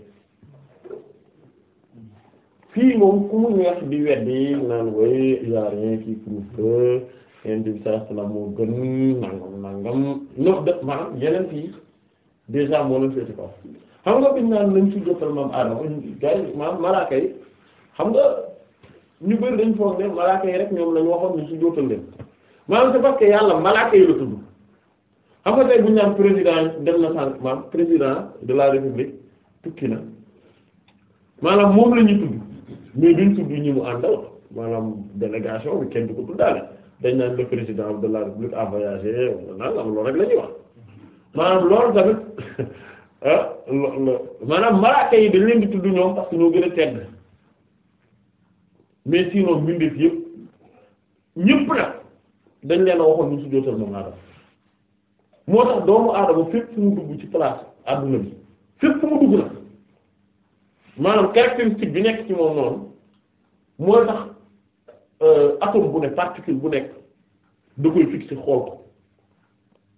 fii moom ku mu neex di weddi naan way yaarien kii prouve bi sallallahu alayhi moo gën nangam nangam nox de maanaam yeneen fii déjà moo leen féete kaw xam nga biñ naan lañ sujjóotal maam Adama gars yi maam malaaka yi xam nga ñu bëri dañ foog ne malaaka yi rek ñoom lañ waxoon ñu sujjóotal leen maanaam c'est yàlla malaaka yi la tudd xam nga tey buñ naan président dem na sànq maam président de la république tukki na maanaam moom la ñu tudd mais duñ ñi mu àndal maanaam délégation bi kenn du ko tuddaale dañ naan le président de la république a naan la ñuy wax maanaam Ah maanaam malaaka yi dañ leen di tudd ñoom parce ñoo gën a tedd mais sinon mbindeef yëpp ñëpp nag dañ leen a waxoon ñu sujjóotal moom aadama moo tax doomu aadama fépp fu dugg ci place adduna bi fépp fu mu dugg nag maanaam caractéristique bi nekk ci moom noonu moo tax euh, atome bu ne particule bu nekk da koy fixé xool ko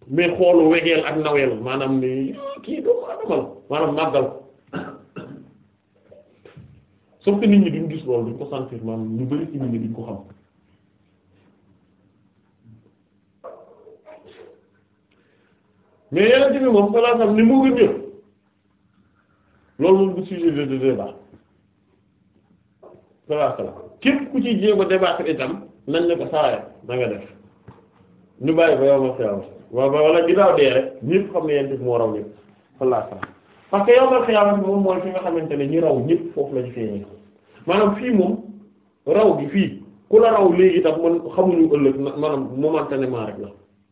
mais xoolu wegeel ak naweel maanaam ni kii doomu adama maanaam màggal sauf que nit ñi duñ gis loolu duñ ko sentir maanaam ñu bari ci nit ñi duñ ko xam mais yeneen a nga def ñu bàyyi ba yow ma xew waaw wala ginnaaw dee rek ñëpp xam ne yéen def moo raw ñëpp wallaahi parce que yow xiyaamati moom mooy fi nga xamante ne ñi raw ñëpp foofu la ñu feeñee maanaam fii mu raw gi fii ku la raw léegi tax man xamuñu ëllëg maanaam momentanément rek la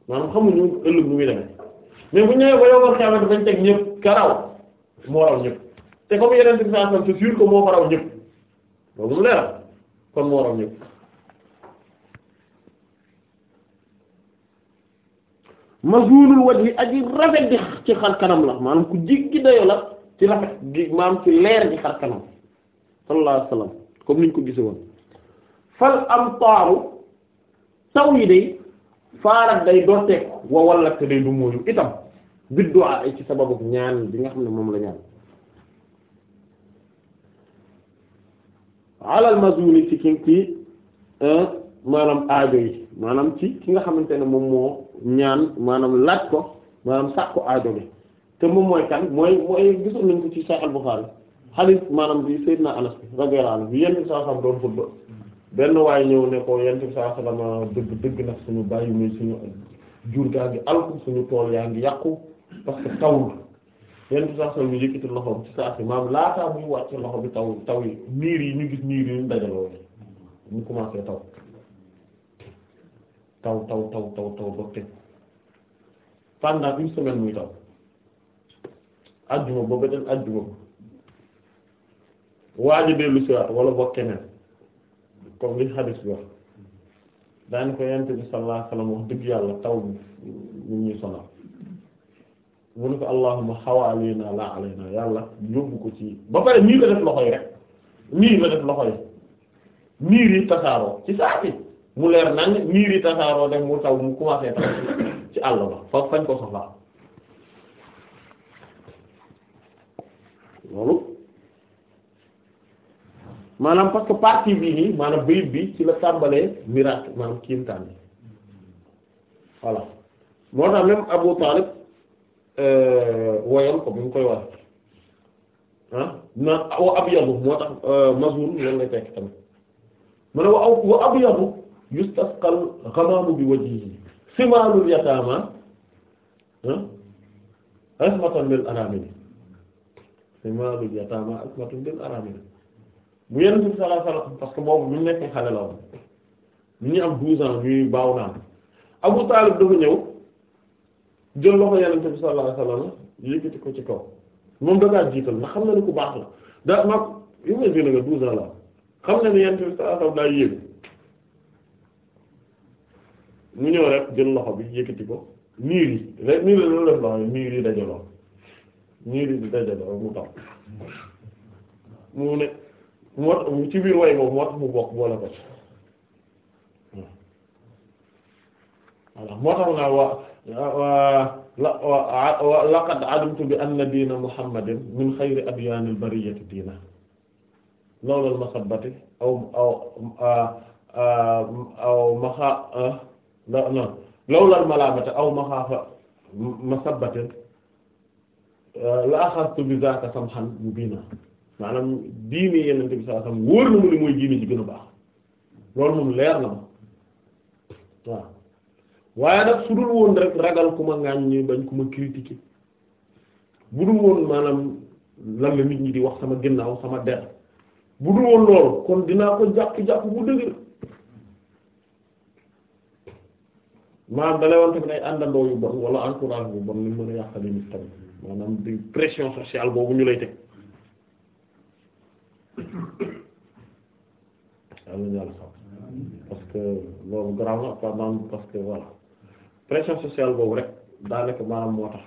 maanaam xamuñu ëllëg nu muy demee mais bu ñu nee ba yow xiyaamati bañ teg ñëpp ka raw moo raw ñëpp te comme yeneen situation c'est sûr que moo fa raw ñëpp loolu mu leer kon moo raw ñëpp. mazunul wajhi aji rafet di ci xar kanam la maanaam ku jiggi dayo la ci rafet gi maanaam ci leer ji xar kanam sallallahu alayhi wasallam comme niñ ko gise woon fal am taaru taw yi day faarat day dooteeku wa wallat day du mooyu itam biddu ay ci sababu ñaan bi nga xam ne moom la ñaan alal mazuni eh, yi maanaam ci ki nga xamante ne moom moo ñaan maanaam laaj ko maanaam sàkk ko aajo bi te moom mooy kan mooy mooy gisoon nañ ko ci Sahih Bukhari xaalis maanaam bi Seydina Anas bi radiyallahu anhu bi yent bi saa sam doon xutba ne ko yent bi saa sallam ah, dëgg dëgg nag suñu bàyyi muy suñu jur gaa ngi alku suñu tool yaa ngi yàqu parce que tawul yent bi saa sallam ñu yëkkati loxoom ci saa si maanaam laataa muy wàcc loxo bi taw taw yi niir yi ñu gis niir yi ñu dajaloo ñu commencé taw taw taw taw taw taw ba tëj pendant taw ajjuma ba ba dem ajjuma waaja dellu siwaat wala boog keneen comme li xadis bi wax daañ ko yante bi sallallahu alayhi wasallam wax dëgg yàlla taw ñu ñuy sonal mu ne ko allahuma xawaalina la alayna yàlla yóbbu ko ci ba pare nii la def loxo yi rek nii la def loxo yi niir yi tasaaroo ci saa mu leer nañ niir yi tasaaroo mu taw mu commencé taw ci àll ba fa fañ ko soxlaa loolu maanaam parce que partie bii nii maanaam bayit bi ci la tàmbalee miracle maanaam kiimtaan bi voilà moo tax même Abu Talib euh, woyal ko mu koy wax ah na wa ab yabu moo tax euh, mazul loolu lay tekk tamit mu wa aw wa yustasqal ghamamu bi wajhihi simalul yatama asmatan ah, lil anamini simalul yatama asmatan lil bu yenn bi sallallahu parce que moom bu nekk xale la woon ñu ñu am 12 ans baaw naan Abu Taalib dafa ñëw jël loxo yenn bi sallallahu alayhi wasallam yëkkati ko ci kaw moom da kaa jiital ndax xam na ni ku baax la daa ma imagine nga 12 ans la xam na ni yenn bi sallallahu alayhi wasallam mu ñëw rek jël loxo bi yëkkati ko niir yi rek niir yi loolu def loxo niir yi dajaloo niir yi dajaloo mu taw mu ne moo ci biir way moo tax mu bokk boole ko ci voilà moo tax naa waa wa laqad alimtu bi anna diina muhammadin min masabbati aw aw aw maxa la non lawlal malaamata aw maxaafa masabbatin euh, la axastu bi zaaka samhan mubiina maanaam diine yeneen bi sallallahu alayhi wóor na mu ne mooy diine ji baax loolu moom leer na ma waaw waaye nag su dul woon rek ragal ku ma ŋàññi bañ ku ma critiquer bu dul woon maanaam lan nit ñi di wax sama ginnaaw sama der bu dul woon loolu kon dinaa ko jàpp jàpp bu dëgër maanaam da lay wan tamit ay àndandoo yu bon wala entourage bu bon ni mën a yàqale nit tamit maanaam di pression sociale boobu ñu lay teg que loolu garaaw pression sociale boobu rek daanaka maanaam moo tax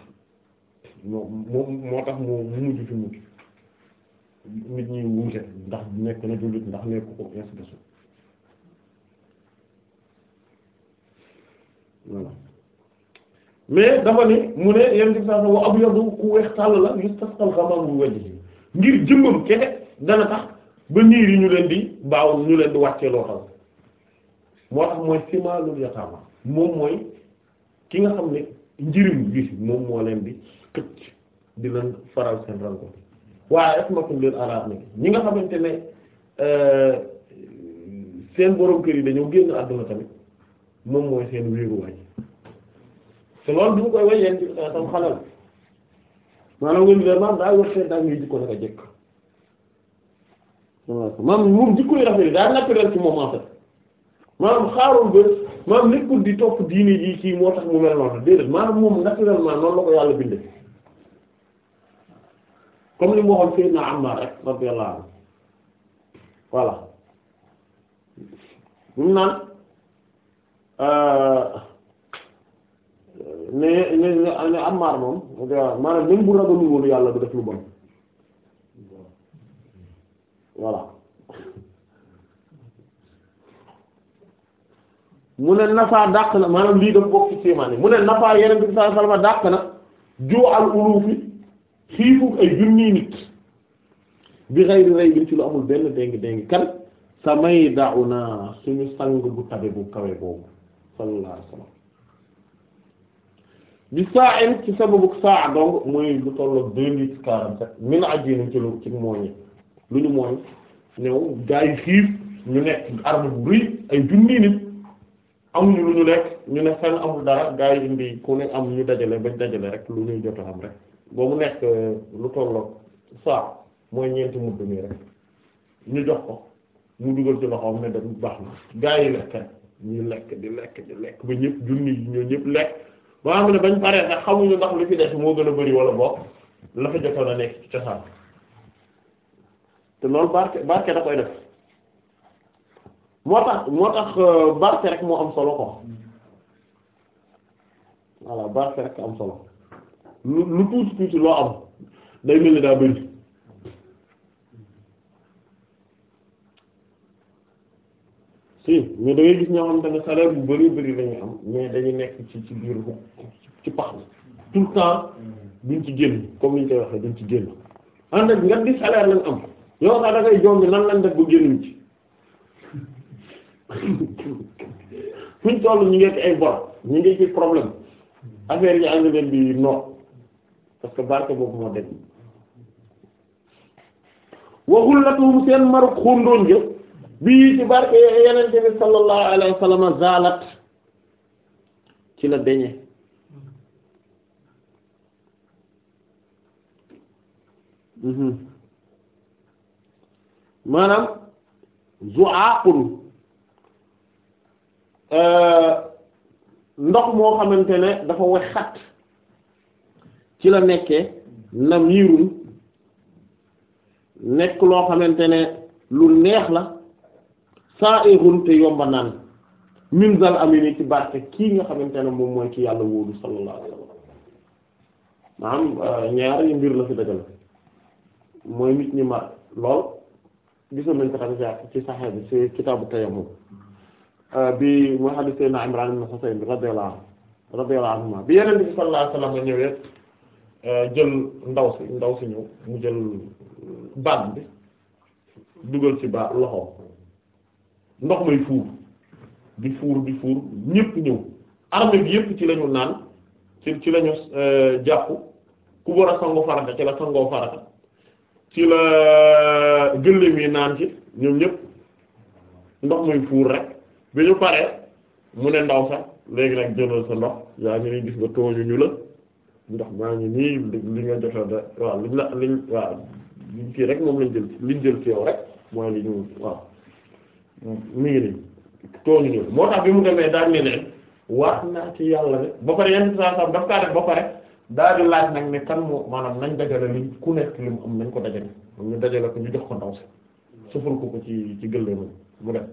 moo moo tax mu mujj fi mujj nit ñi wuute ndax nekk na jullit ndax nekk ko ainsi voilà mais dafa ni mu ne yéen di saa wa abu yadu ku weex tàll la yustasqal ghamamu wajhi ngir jëmmam kese dana tax ba niir yi ñu leen di baaw ñu leen di wàccee loo xam moo tax mooy simaalul moom mooy ki nga xam ne njëriñ gis moom moo leen di këcc di leen faral seen ranko waaye est-ce leen alaat nag ñi nga xamante ne euh, seen borom kër yi dañoo génn àdduna tamit. moom mooy seen wéeruwaay te loolu du mu koy way yéen tam xalal maanaam wér vraiment daa wër seen daa ngay jikko naka jëkk maanaam moom jikko yu rafet daa naturel ci moom en fait maanaam xaarul ba maanaam nekkul di topp ji kii moo tax mu mel noonu déedéet maanaam moom naturellement noonu la ko yàlla bindee comme li mu waxoon Seydina Ammar rek radiyallahu anhu voilà mu naan ne ne ne Ammaar moom maanaam même bu ragalul yàlla du def lu bon voilà mu ne nafaa dàq na maanaam lii daf bokk ci siimaani mu ne nafaa yeneen bi sallallahu alayhi wasallam dàq na ju al ulufi xiifu ay junni nit bi xayri rey bi ci lu amul benn déng déng kan samay daaw naa suñu sang bu tabe bu kawe boobu sallallahu alayhi wasallam bi saa in ci sababu saa donc mooy lu tollook deux litres quarante-sept min ajin ci lu ci mooñi lu ñu mooñ ñëw gaa yi xiif ñu nekk arme bu ay junni nit amuñu lu ñu nekk ñu ne fenn amul dara gaa yi indi ku ne am ñu dajale bañ dajale rek lu ñuy jot am rek ba mu nekk euh, lu tollook saa mooy ñeenti mudd nii rek ñu jox ko mu dugal ci loxoom ne dem baax na gaa yi lekk ñu lekk di lekk di lekk ba ñëpp junni yi ñoo ñëpp lekk ba am ne bañ paree nag xamuñu ndax lu fi des moo gën a bari wala bokk la fa jotoon a nekk ci cosaan te loolu barke barke da koy def moo tax moo tax euh, barke rek moo am solo ko voilà barke rek am solo lu lu tuuti tuuti loo am day mel ni daa bari si mais da gis ñoo xam ne salaire bu bari bari la ñu am mais dañu nekk ci ci biir ci pax mi tout le temps duñ ci génn comme ni ñu koy waxee duñ ci génn ànd ak nga di salaire lañ am yow sax da ngay jom bi nan lañ def bu génnuñ ci fuñ toll ñu ngi ay bor ñu ngi problème affaire yi ànd leen bi no parce que barke boobu moo dem waxul la seen maruk xóndóon jë bii ci barke yenente bi sallallahu alayhi wa sallam zalat ci la deñe mhm. maanaam zu'aqun euh, ndox moo xamante ne dafa wex xat ci la nekke na namirun nekk loo xamante ne lu neex la sa'irun te yomba naan min zal amini ci barke kii nga xamante ne moom mooy ki yàlla wóolu sallallahu alayhi wa sallam maanaam euh, mbir la fi dajal mooy nit ñi mar lool gisoon nañ ko tamit ci saxee bi ci kitaabu tayammum euh, bi mooy hadith sayyidina Imran ibn Husayn radiyallahu anhu radiyallahu bi yeneen bi sallallahu alayhi wa ñëwee euh, jël ndaw si ndaw si ñëw mu jël baat bi dugal ci baat loxo ndox may fuur di fuur di fuur ñépp ñëw armée bi yépp ci lañu naan ci ci lañu euh, jàpp ku war a sangu farata ci la sangoo farata ci la euh, gëléem yi naan ci ñoom ñépp ndox muy fuur rek bi ñu paree mu ne ndaw sax léegi nag jëlal sa ndox yaa ngi ni gis nga tooñu ñu la ndox maa ngi nii li nga joxe da waaw liñ la liñ waaw liñ kii rek moom lañ jël liñ jël ci yow rek mooy li ñu waaw miiri tooñu ñu moo tax bi mu demee daal ni leen wax naa ci yàlla de ba pare yenn saa saam daf kaa def ba pare daal di laaj nag ne kan moo maanaam nañ dajale li ku nekk li mu am nañ ko dajale ñu dajale ko ñu jox ko ndaw si sufal ko ko ci ci mu mu def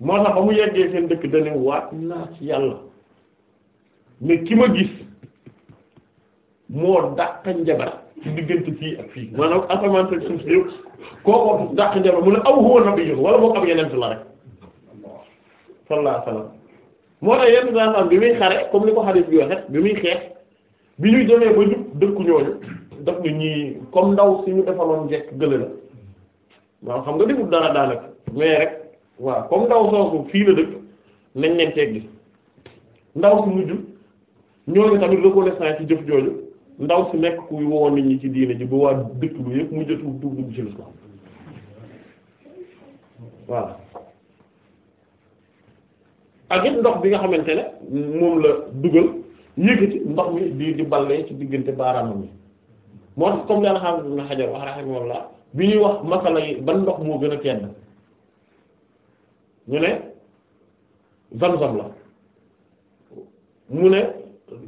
moo tax ba mu yeggee seen dëkk dane waat naa ci yàlla mais ki ma gis moo dàq njabar ci diggante fii ak fii maanaam asamaan ak suuf si yëpp kooku dàq njaro mu ne aw huwa nabiyyu wala boog ab yeneen la rek sallallahu alayhi wasallam moo tax yenn saa bi muy comme ni ko xarit bi bi muy xeex ñuy demee ba jub dëkku ñooñu daf na ñii comme ndaw si ñu defaloon jekk gële la waaw xam nga defut dara daanaka mais rek waaw comme ndaw soosu fii la dëkk nañ leen teg gi ndaw si mujj ñooñu tamit reconnaissance ci jëf jooju ndaw si nekk kuy woo nit ñi ci diine ji ba waa dëkk bi yëpp mu jotul tuub dugg ci lislaam voilà ak it ndox bi nga xamante ne moom la dugal yëkkati ndox mi di di ballee ci diggante baaraamam yi moo tax comme daal xam na xajar wax rahimahullah bi ñuy wax masala yi ban ndox moo gën a tedd ñu ne Zamzam la mu ne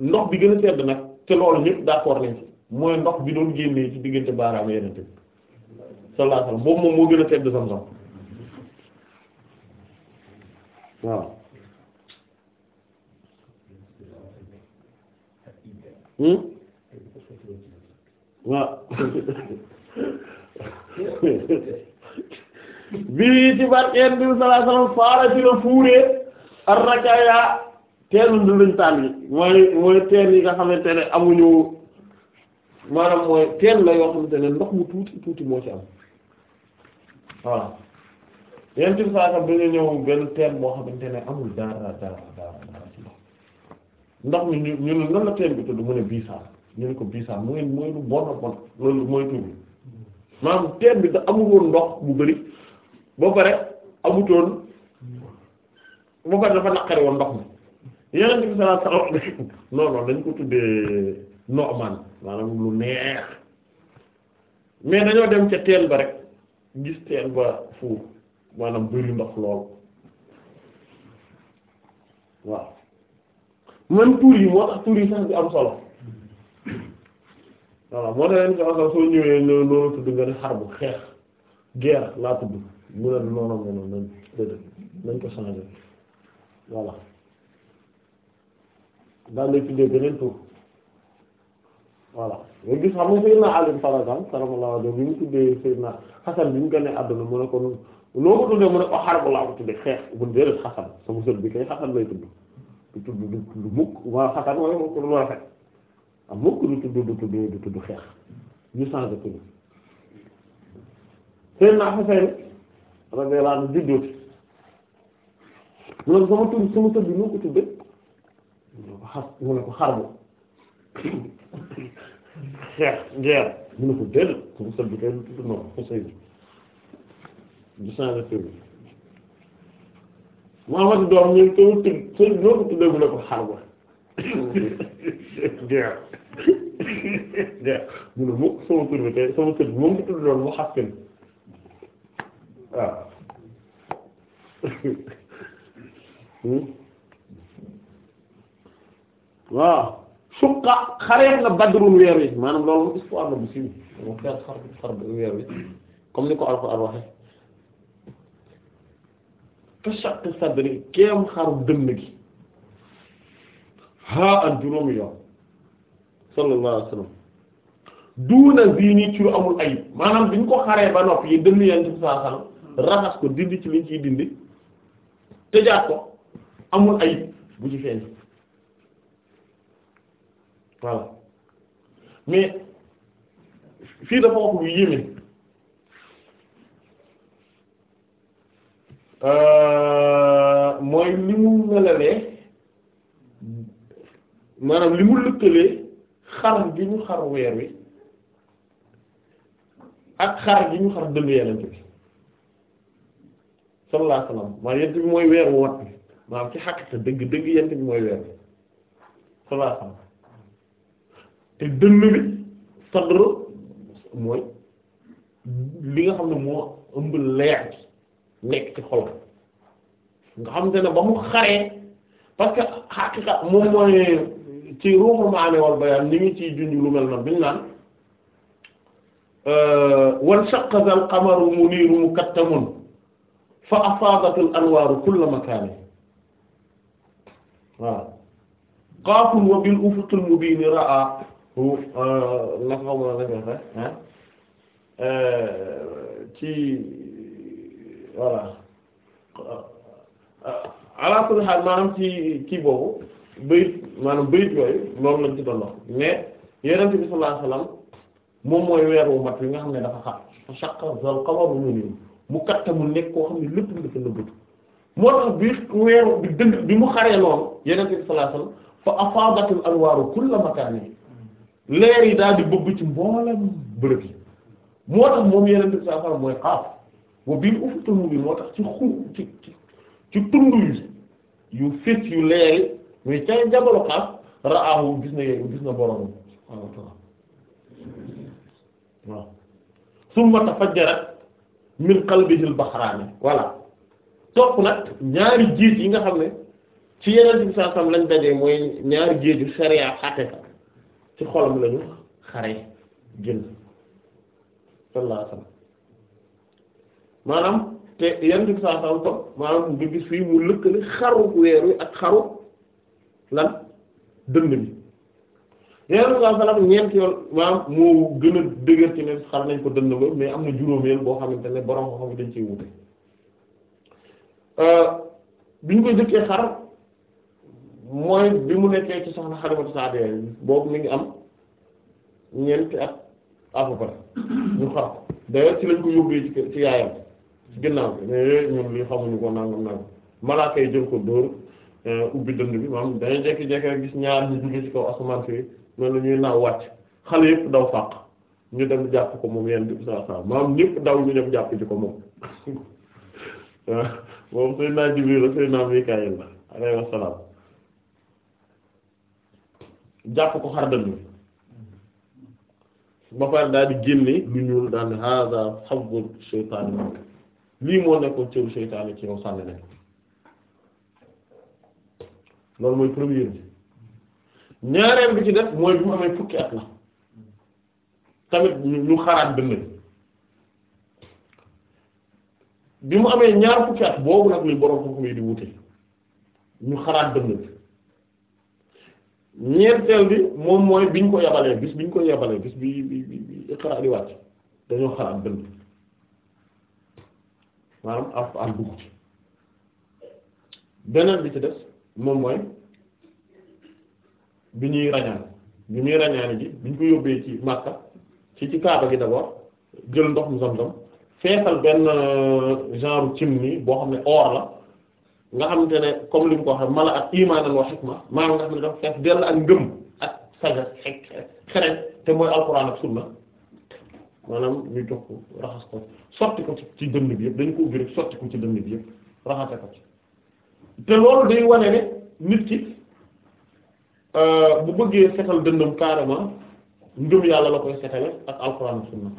ndox bi gën a tedd nag te loolu ñëpp d'accord nañ ci mooy ndox bi doon génnee ci diggante baaraam yeneen bi sallallahu hmm? bii ci barkeen bi sallallahu alayhi wasallam ci la fuuree ar-rakaaya teenu ndullintaan yi teen yi nga xamante ne amuñu maanaam mooy teen la ndox mu tuuti moo ci am voilà yenn ci saaka ba nga ñëw benn teen amul dara mi ñu ñu ne nan la teen bi tudd mu ne biisaan ñu ne ko biisaan mu mooy lu bon a bon loolu mooy tuubi maanaam teen bi da amul woon ndox bu bari boo pare amutoon ba pare dafa naqari woon ndox mi yonent bi sallallahu alayhi wa sallam ko tuddee Nu'man maanaam lu neex mais dañoo dem ca teel ba rek gis teen ba fuur maanaam bëri ndox lool waaw man tuur yi moo tax tuur yi sax bi am solo voilà moo tax yonent bi sallallahu soo ñëwee loolu tudd nga ne xar bu xeex guerre laa tudd mu ne noonu noonu nañ ko changer voilà daal lay tuddee beneen tur voilà léegi gis xam nga Seydina Ali par exemple karamallahu wajhahu bi ñu tuddee Seydina Hasan bi ñu gënee mu ne ko loo ko tuddee mu ne ko xarbu laa ko xeex bu déedéet Hasan sama sët bi Hasan lay tudd du tudd du tudd mukk waa ah, du tudd du tudd du tudd xeex ñu changé tur Seydina Hasan radiyallahu anhu juddoo mu ne sama tur sama sët bi noo ko tuddee mu ne ko xas mu ne ko xarbu xeex ngeer mu ne ko déll mu sëb bi kay noonu xusay bi du changé tur bi mu amati doom ñu ko tudd sëñ bi ñoo mu ne mu mu sama tur mu xas kenn waaw hmm? waaw suqa xareet na badrun weer wi maanaam loolu histoire la bu siiw moom xeet xar xar weer wi comme ni ko Alxuraan waxe kashaq sadri kéem xarum dënn gi haa ak juróomi yoon sallallahu alayhi wasallam duuna zini ci lu amul ayib maanaam bi ñu ko xare ba nopp yi dënn yaa ngi ci saa xalam raxas ko dindi ci ñu ciy dindi tëjaat ko amul ayib bu ci feeñ voilà mais fii dafa wax lu yéeme euh, mooy li mu melalee maanaam li mu lëkkalee xar gi ñu xar weer wi ak xar gi ñu xar dënnu yeneen bi sallallahu alayhi maa yent bi mooy weer wu wat bi maanaam ci xàqte dëgg dëgg yent bi mooy weer bi sallallahu te dënn bi sadr mooy li nga xam ne moo ëmb leer gi nekk ci xol nga xam te ne ba mu xaree parce que xaqiqa moom mooy ci ruuxu maane wal bayaan ni ngi ciy junj lu mel noonu bi ñu naan euh, wan shaqqa al qamaru muniiru mukattamun fa afaadat al anwaaru kulla makaani waaw qaafun wa bil ufuqil mubiin raa naka nga mën a leen waxee ah ci euh, ala kulli haal kii boobu bayit maanaam bayit yooyu loolu moom mooy weer wu mat wi nga xam ne dafa xar fa shaqqa zal qamaru mu katta mu nekk koo xam ne lépp lu dafa nëbbatu moo tax bi weeru bi dënd bi mu xaree loolu yonent bi sallallahu alayhi wasallam fa afadatil anwaaru kulla makaani leer yi daal di bëgg ci mboolem bërëb yi moo tax moom yeneen bi saa fara ci xu ci yu fés yu leer yi muy ca jabalu xaaf raahu gis na yee nag ñaari géej yi nga xam ne ci yeneen bi sam lañ dajee mooy ñaari géeju sharia xaqiqa ci xolam lañu xare génn sallallahu alayhi wasallam maanaam te yenn bi saa saa ko maanaam nga gis fii mu lëkkale xaru weer wi ak xaru lan dënd bi yenn bi saa saa ñeent yoon maanaam moo gën a dëgër ci ne xar nañ ko dënd ba mais am na juróomeel boo xamante ne borom ko xam dañ ciy wute euh, bi ñu koy jëkkee xar mooy bi mu nekkee ci soxna Xalimatu Saadiya boobu mi ngi am ñeenti at à peu près ñu xar ko ci lañ ko yóbbee ci yaayam ginnaaw bi mais ñoom li xamuñu ko nangam nangam malaaka yi jël ko dóor euh, ubbi dënd bi maanaam dañuy jékki-jékki rek gis ñaar ñu jóge ci kaw asamaan si mel na ñuy naaw wàcc xale yëpp daw fàq ñu dem jàpp ko moom yenn di saa saa maanaam ñëpp daw ñu dem jàpp ci ko moom moom Seydina Jibril la Seydina Mikaayil la alayhi wassalaam jàpp ko xar dënn ba pare daal di génne lu ñuul daal ne nekkoon cëru seytaane ci yow loolu mooy premier bi mu amee ñaar fukki at boobu nag li borom foofu yi di wute ñu xaraat dënn bi ñeenteel bi moom mooy biñ ko yabalee bis biñ ko yabalee bis bi bi bi Iqra di wàcc dañoo xalaat dënd maanaam ab al dugg beneen bi ci des moom mooy bi ñuy rañaan bi muy rañaani ji biñ ko yóbbee ci Makka ci ci Kaaba gi d'abord jël ndox mu Zamzam feesal benn euh, genre cin nii boo xam ne or la nga xamante ne comme li mu ko waxee mala ak imaanan wa hikma maanaam nga xam ne dafa fees dell ak ngëm ak sagesse ak te mooy alxuraan ak sunna maanaam ñu jox ko raxas ko sotti ko ci dënn bi yëpp dañ koo ubbi sotti ko ci dënn bi yëpp raxase ko ci te loolu day wane ne nit ki euh, bu bëggee setal dënnam carrément ngëm yàlla la koy setale ak alxuraan ak sunna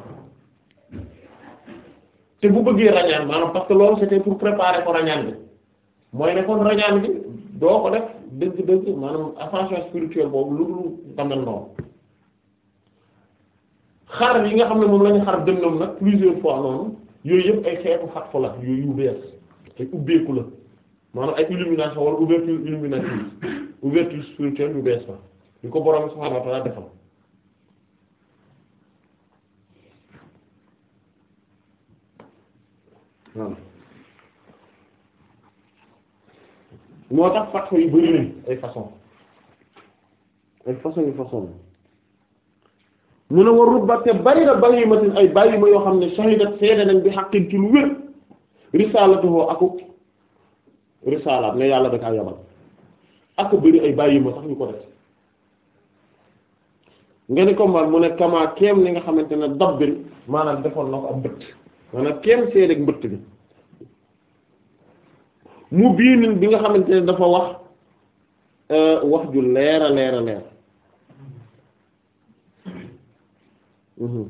te bu bëggee rañaan maanaam parce que loolu c'était pour préparer ko rañaan bi mooy ne kon rañaan bi doo ko def dëgg-dëgg maanaam ascension spirituelle boobu lu lu tamel noonu xar yi nga xam ne moom la ñu xar dënnam nag plusieurs fois noonu yooyu yëpp ay xeetu xatfu la yu bees ay ubbeeku la maanaam ay illumination wala ouverture illuminative yu bees la ñu ko borom subhaanahu wa ta'aala defal waaw moo tax fatxa yu bari nañ ay façon ay façon yu façon mu ne war rubba te bari na bàyyi ma ay bàyyi ma yoo xam ne shahidat seede nañ bi xaqin ci lu wér risalatuhu aku risalaat ne yàlla da kaa yabal ak bari ay bàyyi ma sax ñu ko def nga ni comme mu ne kamaa kéem li nga xamante ne dabbin maanaam defoon na ko ab mbëtt maanaam kéem seede mbëtt bi mu biinin bi nga xamante ne dafa wax euh, wax ju leer a leer a leer waaw mm-hmm.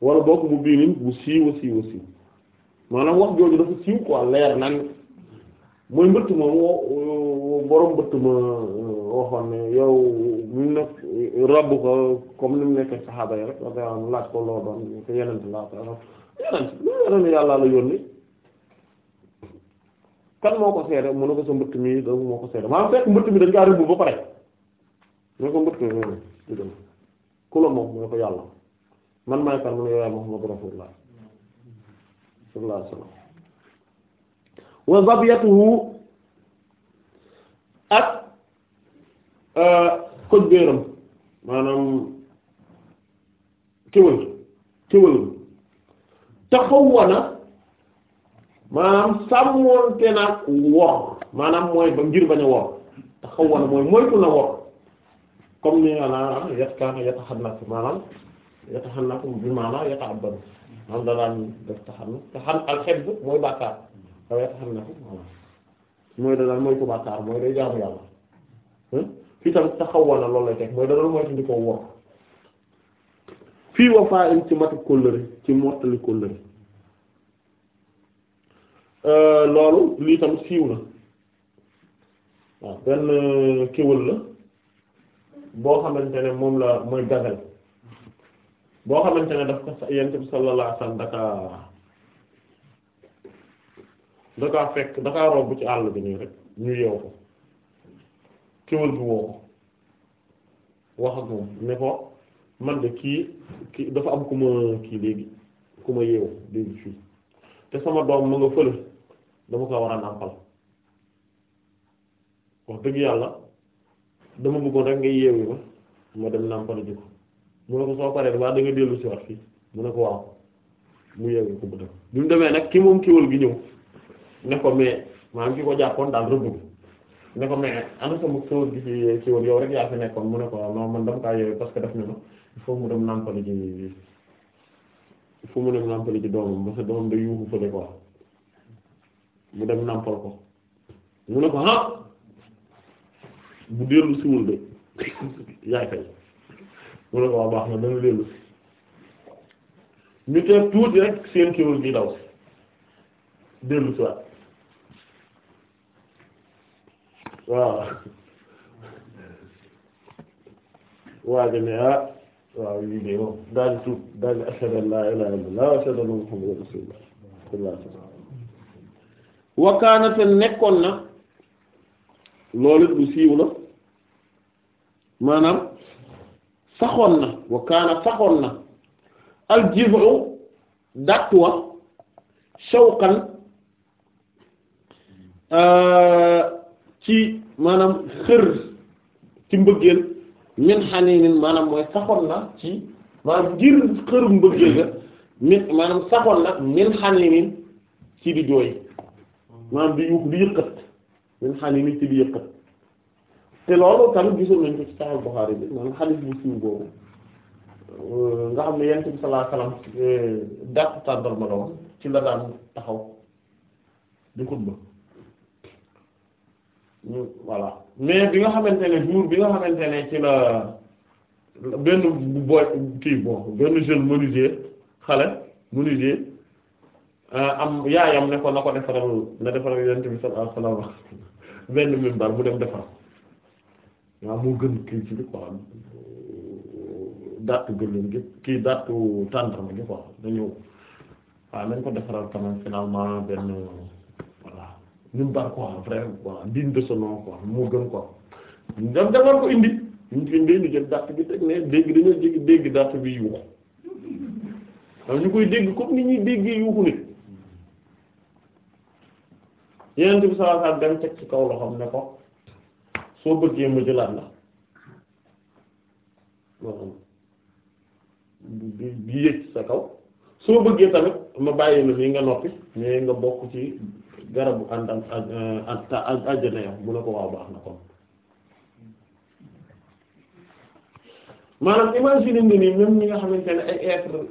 wala bokk mu biinin bu siiw a siiw maanaam wax jooju dafa siiw quoi leer nan mooy mbëtt ma moo mbëtt ma euh, waxoon ne yow mu nekk rabb ko comme ni mu nekk saxaaba yi rek laaj ko loo doon ko kan moo ko seede mu ne ko sa mbëtt mi donc moo ko seede maanaam fekk mbëtt mi dañ rëbb ba pare mu ne ko mbëtt mi dem ku la moom mu ne ko yàlla man maay kan mu ne yow yaa Muhammadu rasulullah sallallahu alayhi wasallam wa zabiyatuhu ak koj euh, béeram maanaam kéwal kéwalam taxawana maanaam sàmmoonte nag wor maanaam mooy ba ngir bañ a wor taxawana mooy moytu na comme ni ana yatkaana yataxannas maanaam yataxannas bi maanaam yataabban maanaam da daan def taxannas taxan alxeb mooy bàkkaar aw xam na mooy dalal mooy ko mooy day jaamu yàlla hmm? fii tamit taxawal na loolu lay teg mooy dalal mooy tandi wor fii wafaa in ci matu kóllëre ci mottali kóllëre euh, loolu lii tamit siiw na waaw benn kéwël la boo xamante ne moom la mooy gazel boo xamante ne daf ko yent bi sallallahu alayhi wasallam daka da kaa fekk da kaa ci àll bi nii rek ñu yeew ko kéwél bi woo ko wax ak moom ne ko man de kii kii dafa am ku ma kii léegi ku ma yeew léegi fii te sama doom ma nga fële dama ko war a nàmpal wax dëgg yàlla dama bëggoon rek ngay yeewi ma ma dem nàmpal ji ko mu ne ko soo paree ba da dellu si waat fii mu ne ko waaw mu yeewi ko bu bi mu demee nag ki moom kéwél gi ñëw ne ko mais maanaam ki ko jàppoon daal rëbb ne ko mais ana sama sóor gi ci yow rek yaa fi nekkoon mu ne ko non man dama kaa yooyu parce que daf ne ma il mu dem nàmpali ji mu dem nàmpali ji doomam parce que doomam da yuuxu fële quoi mu dem nàmpal ko mu ne ko ah bu dellu siwul de yaay kay mu ne waa baax na dana dellu si ñu teeg tuuti rek seen kiwul gi daw dellu si waat waaw waa ji ne ah waaw lii de moom daal di tuub daal di ashhadu an laa ilaaha illallaah wa ashhadu anna muhammadan rasuulullaah wa kaanat nekkoon na loolu lu siiw la maanaam saxoon na wa kaana saxoon na al jiz'u dàttuwa shawqan euh, ci maanaam xër ci mbëggeel min xaniinin maanaam mooy saxoon la ci maanaam ngir xëru mbëggeel ga min maanaam saxoon na min xaniinin ci di jooy maanaam di yuux di yëkkat min xaniinin ci di yëkkat te loolu tamit gisoon nañ ko ci Sahih Bukhari bi maanaam xadiis bu siiw boobu euh, nga xam ne Yonent bi sallallahu alayhi wasallam euh, ma doon ci la daan taxaw di xutba voilà mais bi nga xamante ne jour bi nga xamante ne ci la benn boy kii bon benn jeune menuisier xale menuisier euh, am yaayam ne ko na ko defaral na defaral yonent bi sallallahu alayhi wasallam benn minbar mu dem defar waaw moo gën kii ci bi quoi dàtt gëléen gi kii dàtt tàndarma gi quoi dañëw waaw nañ ko defaral quand même benn ñun baax quoi vraiment quoi digne de ce nom quoi moo gën quoi daf dafa ko indi ñu ko indee ñu jël dàtt bi teg ne dégg dañoo jéggi dégg bi yuuxu koy dégg comme ni ñuy déggee yuuxu nit yeneen bi sallallahu alayhi wasallam ci kaw loxoom ne ko soo bëggee ma jëlaat la waaw di yëg sa kaw soo bëggee tamit ma bàyyi la lii nga noppi mais nga bokk ci garabu ànd ak ak eh, àjjana yow mu ne ko waaw baax na kon maanaam imagine ni même ñi nga xamante ne ay être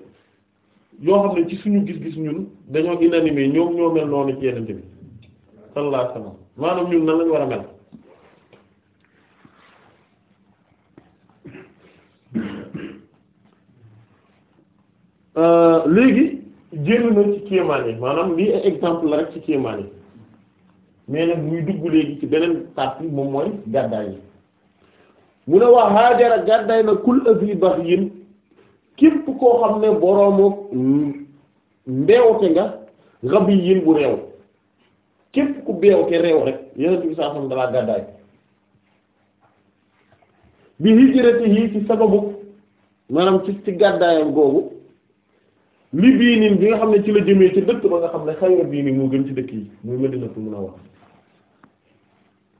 yoo xam ne ci suñu gis-gis ñun dañoo inanimé ñoom ñoo mel noonu ci yeneen bi sallallahu alayhi wasallam maanaam ñun nan lañu war a mel euh, léegi jéem na ci kéemaan yi maanaam lii exemple la rek ci kéemaan yi mais nag dugg léegi ci beneen partie moom mooy gàddaay yi mu ne waa Haajara gàddaay na kul asi bax yin képp koo xam ne boroomu mbeewte nga rabi yin bu reew képp ku beewte réew rek yeneen bi saa xam dalaa maanaam ci ci gàddaayam googu li biinin bi nga xam ne ci la jëmee ci dëkk ba nga xam ne xayra biini moo gën ci dëkk yi muy Madinatu Munawwara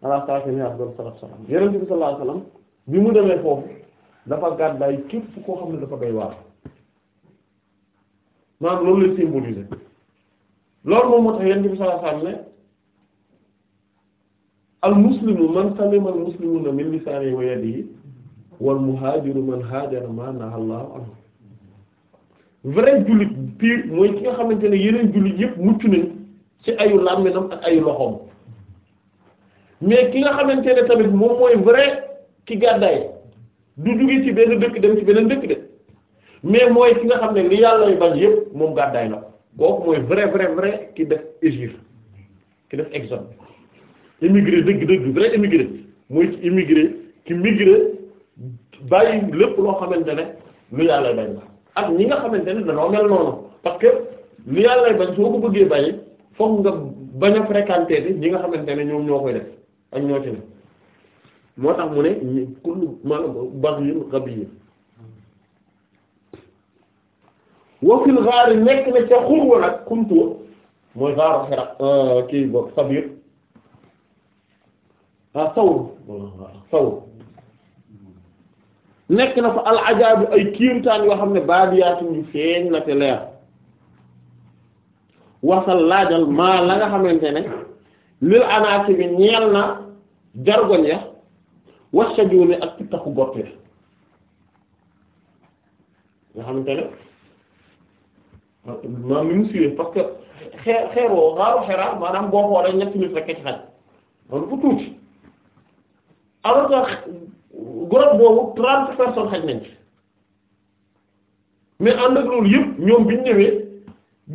ala saakini afdal salaatu salaam Yonent bi sallallahu alayhi wasallam bi mu demee foofu dafa gàddaay képp koo xam ne dafa doy waar maanaam loolu lay symboliser loolu moom moo tax Yonent bi sallallahu alayhi ne al muslimu man salima al muslimuna min lisaanihi wa yadihi wal muhaajiru man haajara maa nahaa Allahu anhu vrai jullit pire mooy ki nga xamante ne yeneen jullit yëpp mucc nañ ci ayu làmminam ak ayu loxoom mais ki nga xamante ne tamit moom mooy vrai ki gàddaay du jóge ci benn dëkk dem ci beneen dëkk de mais mooy ki nga xam ne li yàlla bañ yëpp moom gàddaay la kooku mooy vrai vrai vrai ki def exil ki def exode immigré dëgg dëgg vrai immigré mooy ci immigré ki migré bàyyi lépp loo xamante ne lu yàlla bañ la ak ñi nga xamante ne dañoo mel noonu parce que li yàlla bañ soo ko bëggee bàyyi fokk nga bañ a fréquenter di ñi nga xamante ne ñoom ñoo koy def ak ñoo ci ne moo tax mu ne ñu kullu maanaam bari yu rab yi wafil xaari nekk na ca xurwa nag xuntuwa mooy a xeraq euh, kii boobu sabir ah sawr sawr nekk na fa al ajaabu ay kiimtaan yoo xam ne baadiyaatun yu feeñ la te leer wasal laajal maa la nga xamante ne lil anaati bi ñeel na jargoñ ya wasa joone ak pittaku gott ya nga xamante ne maam ni mu siiwee parce que xeeroo xaaru xeraar maanaam boo xoolee ñetti nit rekk ci xaj loolu bu tuuti grotte boobu trente personnes xaj nañ ci mais ànd ak loolu yëpp ñoom biñ ñëwee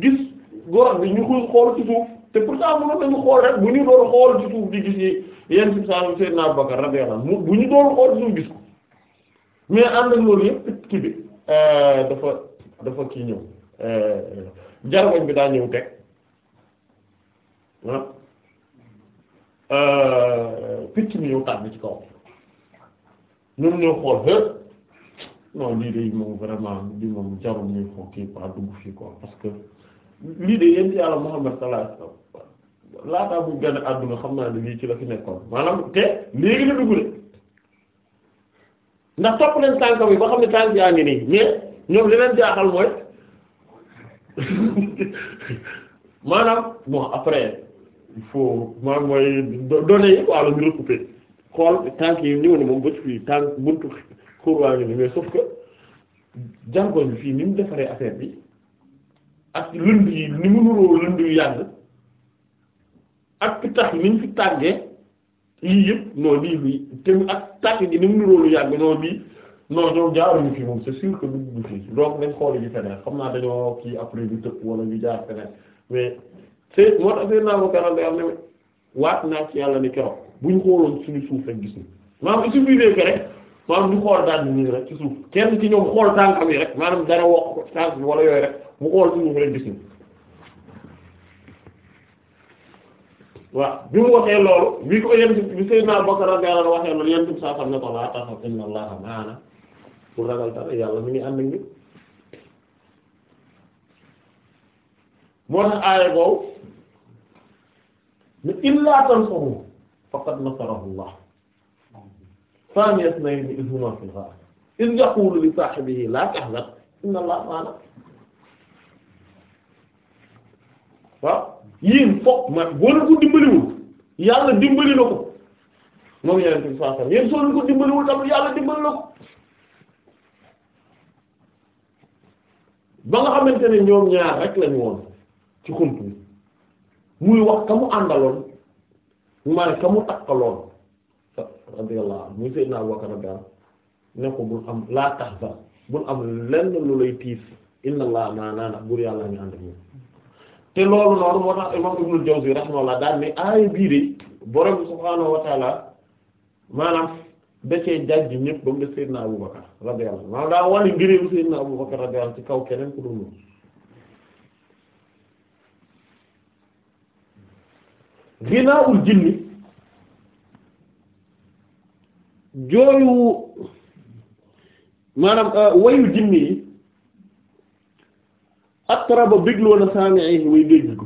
gis grotte bi ñu koy xool ci suuf te pourtant mënoon nañu xool rek bu ñu doon xool ci suuf di gis yi yenn si seen naa Bakar radiyallahu bu ñu doon xool ci suuf mais ànd ak loolu yëpp kii bi euh, dafa dafa kii ñëw euh, jargoñ bi daa ñëw teg ah picc ñëw tàbbi ci kaw ñoom ñoo xool hë non lii de moom vraiment lii moom jarul ñuy xool kii quoi dugg fii quoi parce que lii de yéen yàlla Muhammad sallallahu alayhi wasallam laataa bu gën a àdduna xam naa ne lii ci la fi nekkoon maanaam te léegi la dugg de ndax topp leen tànk bi ba xam ne tànk yaa ngi nii mais ñoom leen jaaxal mooy maanaam bon après il maanaam mooy données yi quoi la ñu recoupé xool tànk yi ñëw ne moom bëcc fii tànk buntu xurwaa ngi ni mais sauf que jànkoñ fii ni mu defaree affaire bi ak lënd yi ni mu nuroo lënd yu yàgg ak pitax ni ñu fi tàngee yii yëpp non lii lu te ak tànk gi ni mu nuroo lu yàgg non lii non ñoom jaaruñu fi moom c'est sûr que duñ fi donc nañ xool yi feneen xam naa dañoo kii après ñu tëb wala ñu jaar feneen mais c'est moo tax seen naa ko keroog day am ne waat naa ci yàlla ni keroog. bu ñu xooloon suñu suuf rek gis ni maanaam il suffisait que rek maanaam ñu xool daal ni rek ci suuf kenn ci ñoom xool tànkam yi ko tànk bi wala xool suñu rek gis ni waaw bi mu waxee loolu bi ko yent bi Seydina Bakar radiyallahu anhu waxee loolu yentum saa xam ne ko laa taxaw inna allaha maana pour ragal dara yàlla mi ngi ànd ak ñun moo tax aaya boobu ne illaa tansuruhu faqad nasarahu Allah thani ithnayni idh huma fil ghar idh yaqulu li sahibihi la tahzan inna Allaha ma'ana waaw yéen foog man ko dimbaliwul yàlla dimbali na ko moom yeneen bi saa sam yéen soo leen ko dimbaliwul tamit yàlla dimbali na ko ba nga xamante ne ñoom ñaar rek lañu woon ci xunt muy wax ka mu àndaloon maanaam ka mu takkaloon sa radiyallahu anhu muy Seydina Abubakar radiyallahu ne ko bul am laa tahzan bul am lenn lu lay tiis inna allah maanaa ndax buur yàlla ñu ànd ak ñun te loolu noonu moo tax imam Ibnul Jawzi rahimahullah daan ne aaya bii de borom bi subhaanahu naa taala maanaam da cee jàjj ñëpp ba mu def Seydina Abubakar radiyallahu maanaam daa wàlli ngëneelu Seydina Abubakar radiyallahu ci kaw keneen ku dul ginaawul jinni jooyu maanaam euh, wayu jinni yi atraba bégloo na saami'i way dégg ko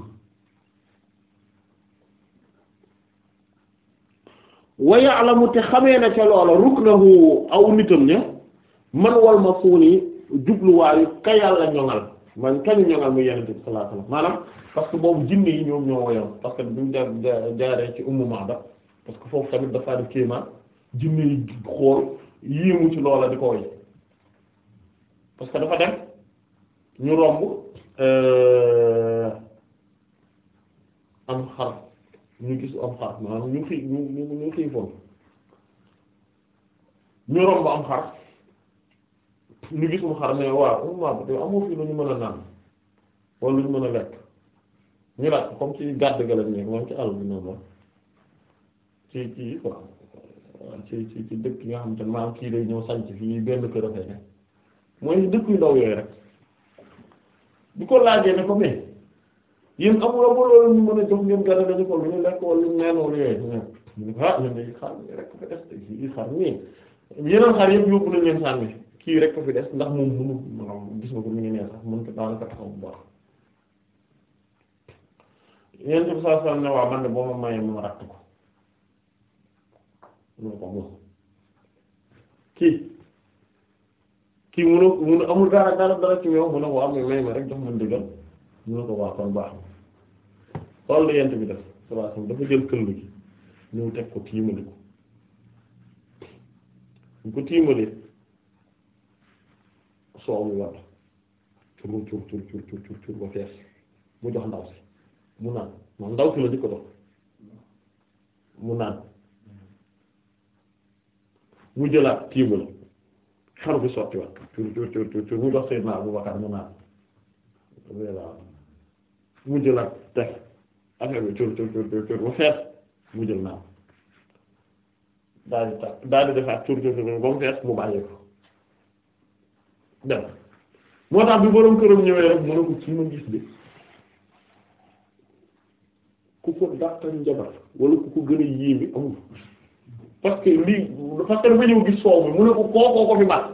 wa ya'lamu te xamee na ca loola ruknahu aw nitam ña man wal ma fuuni jubluwaayu ka yàlla ñoŋal man kañ ñoŋal muy yenente bi sallallahu alayhi maanaam parce que boobu jinne yi ñoom ñoo woyoon parce que buñu jaaree ci Ummu Ma'da parce que foofu tamit dafa def kéemaan jinne yi xool yéemu ci loola di ko woy parce que dafa dem ñu romb euh, am xar ñu gisu am xar ñu xii ñu ñu xiifoon ñu romb am xar ñu gis mu xar ne waaw maam te amoo fii lu mën a naan wala lu ñu mën a lekk ñu laaj comme ci gàdd ci bi noonu la ci ci quoi ci dëkk yi nga xam te maam kii day ñëw sànc fii benn kër dafay ne mooy dëkk yu ndaw yooyu rek bu ko laajee ne ko mais yéen amul amul loolu ñu mën a jox ngeen gàdd dañu ko lu ñu lekk wala lu ñu naan wala yooyu ah ñun dañuy xaar rek ko fa des te xaar yeneen xaar yëpp yóbbu nañ leen sànni. kii rek fi des ndax moom mënu maanaam gis nga ko mu ngi nee sax a daanaka bu baax yéen tam saa ne boo mayee ma ratt ko mënu ko moom kii kii mënu mënu amul dara a waaw may ma rek jox ma ndigal mënu ko waa baax na loolu la yent bi def sallallahu alayhi dafa jël këll gi ñëw teg ko tiimali ko ñu ko tiimalee soow mi war cur cur cur cur cur cur mu jox ndaw si mu naan moom ndaw si la di ko jox mu naan mu jëlaat tiibal xar bi sotti wat cur cur cur cur mu jox seen naa bu bakar mu naan mu jëlaat teg affaire bi cur cur cur cur ba fees mu jël naan daal di tax daal di defaat cur cur cur ba mu dem moo tax bi borom këram ñëwee rek mën a ko ci ma gis de ku ko dàqal njabar wala ku ko gën a yéeme amul parce lii parce dafa ñëw gis soow bi mu ne ko kookoo ko fi baax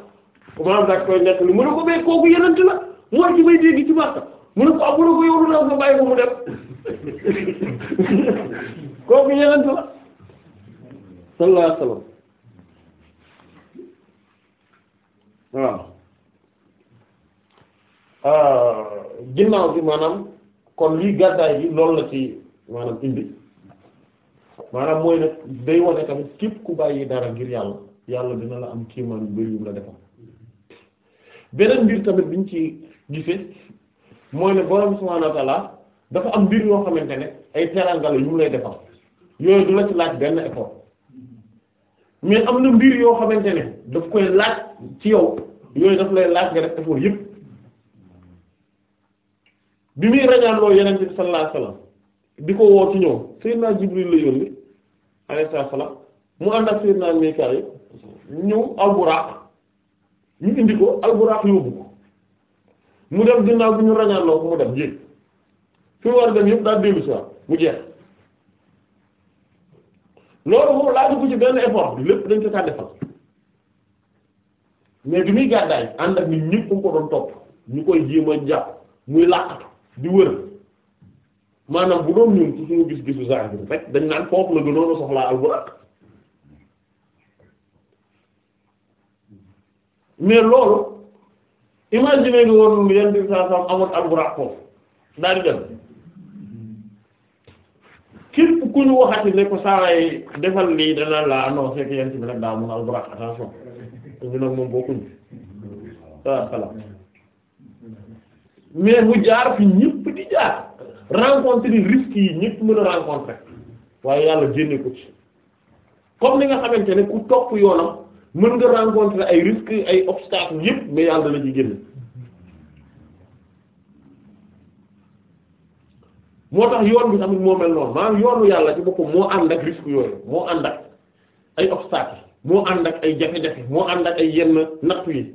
maanaam daal koy nekk li mu ne ko yenent la mooy ci may dégg ci baax ko ah, ko yow lu daw nga bàyyi ko yenent la sallallahu alayhi waaw Euh, ginnaaw bi maanaam kon lii gàddaay bi loolu la ci maanaam indi maanaam mooy nag day wane tamit képp ku bàyyi dara ngir yàlla yàlla dina la am kiimaan yu bari yu la defal beneen mbir tamit biñ ci gisee mooy wa ta'aala dafa am mbir yoo xamante ne ay terangale yu mu lay defal yooyu du la ci laaj benn effort mais am na mbir yoo xamante ne daf koy laaj ci yow yooyu daf lay laaj nga def effort yépp bi muy rañaanloo yeneen bi sallallahu alayhi di ko woo ci ñëw Seydina Jibril la yónni alayhi salaam mu ànd ak Seydina Mikaayil ñëw Alburaaq ñu indi ko Alburaaq yóbbu ko mu dem ko mu dem jéeg fi mu war yëpp daal dellu si mu loolu moom laa dugg ci benn effort bi lépp dañ ko kaa defal mais bi muy gàddaay ànd ak nit ñëpp ko doon topp ñu koy jéem a jàpp muy làqatu di wër maanaam bu doon ñun ci suñu gis-gisu saa bi rek dañ naan foofu la gënoon a soxlaa alburaq mais loolu imaginer nga woon yan di saa saa amoon alburaq foofu daal di dem képp ku ñu waxati ne ko saray defal lii dana la annoncé que yent bi nag daa mun alburaq attention ñu nag moom bokkuñ waaw salaam mais mu jaar fi ñëpp di jaar rencontre yi yi ñëpp mën a rencontrer waaye yàlla génne ko ci comme ni nga xamante ne ku topp yoonam mën nga rencontrer ay risques ay obstacles yëpp mais yàlla la ci moo tax yoon bi tamit moo mel noonu maanaam yoonu yàlla ci boppam moo ànd ak risques yooyu moo ànd ak ay obstacles moo ànd ak ay jafe-jafe moo ànd ak ay yenn nattu yi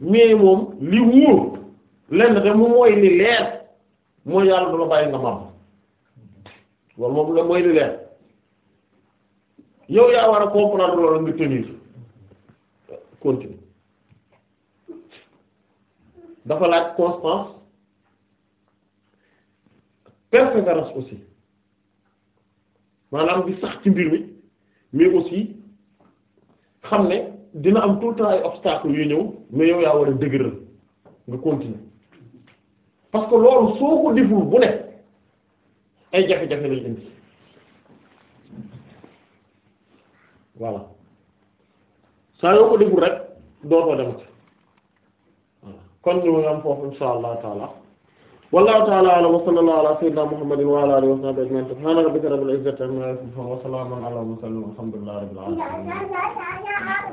mais moom li wóor lenn te moom mooy li leer mooy yàlla du bàyyi nga màmm loolu moom la mooy li leer yow yaa war a comprendre loolu nga tenir continue dafa laaj constance persévérance aussi maanaam di sax ci mbir mi mais aussi xam ne dina am tout le temps ay yu ñëw mais yow yaa war a dëgëral nga continuer parce que loolu soo ko deful bu ne ay jafe-jafe lay indi voilà saa yoo ko deful rek dootoo dem ci kon ñu ngi am foofu insha allah taala wallahu taala alam wa sallallahu ala sayyidina muhammadin wa ala alihi wa sahbihi ajma'in subhana rabbika rabbil izzati amma yasifun wa salamun ala al mursalin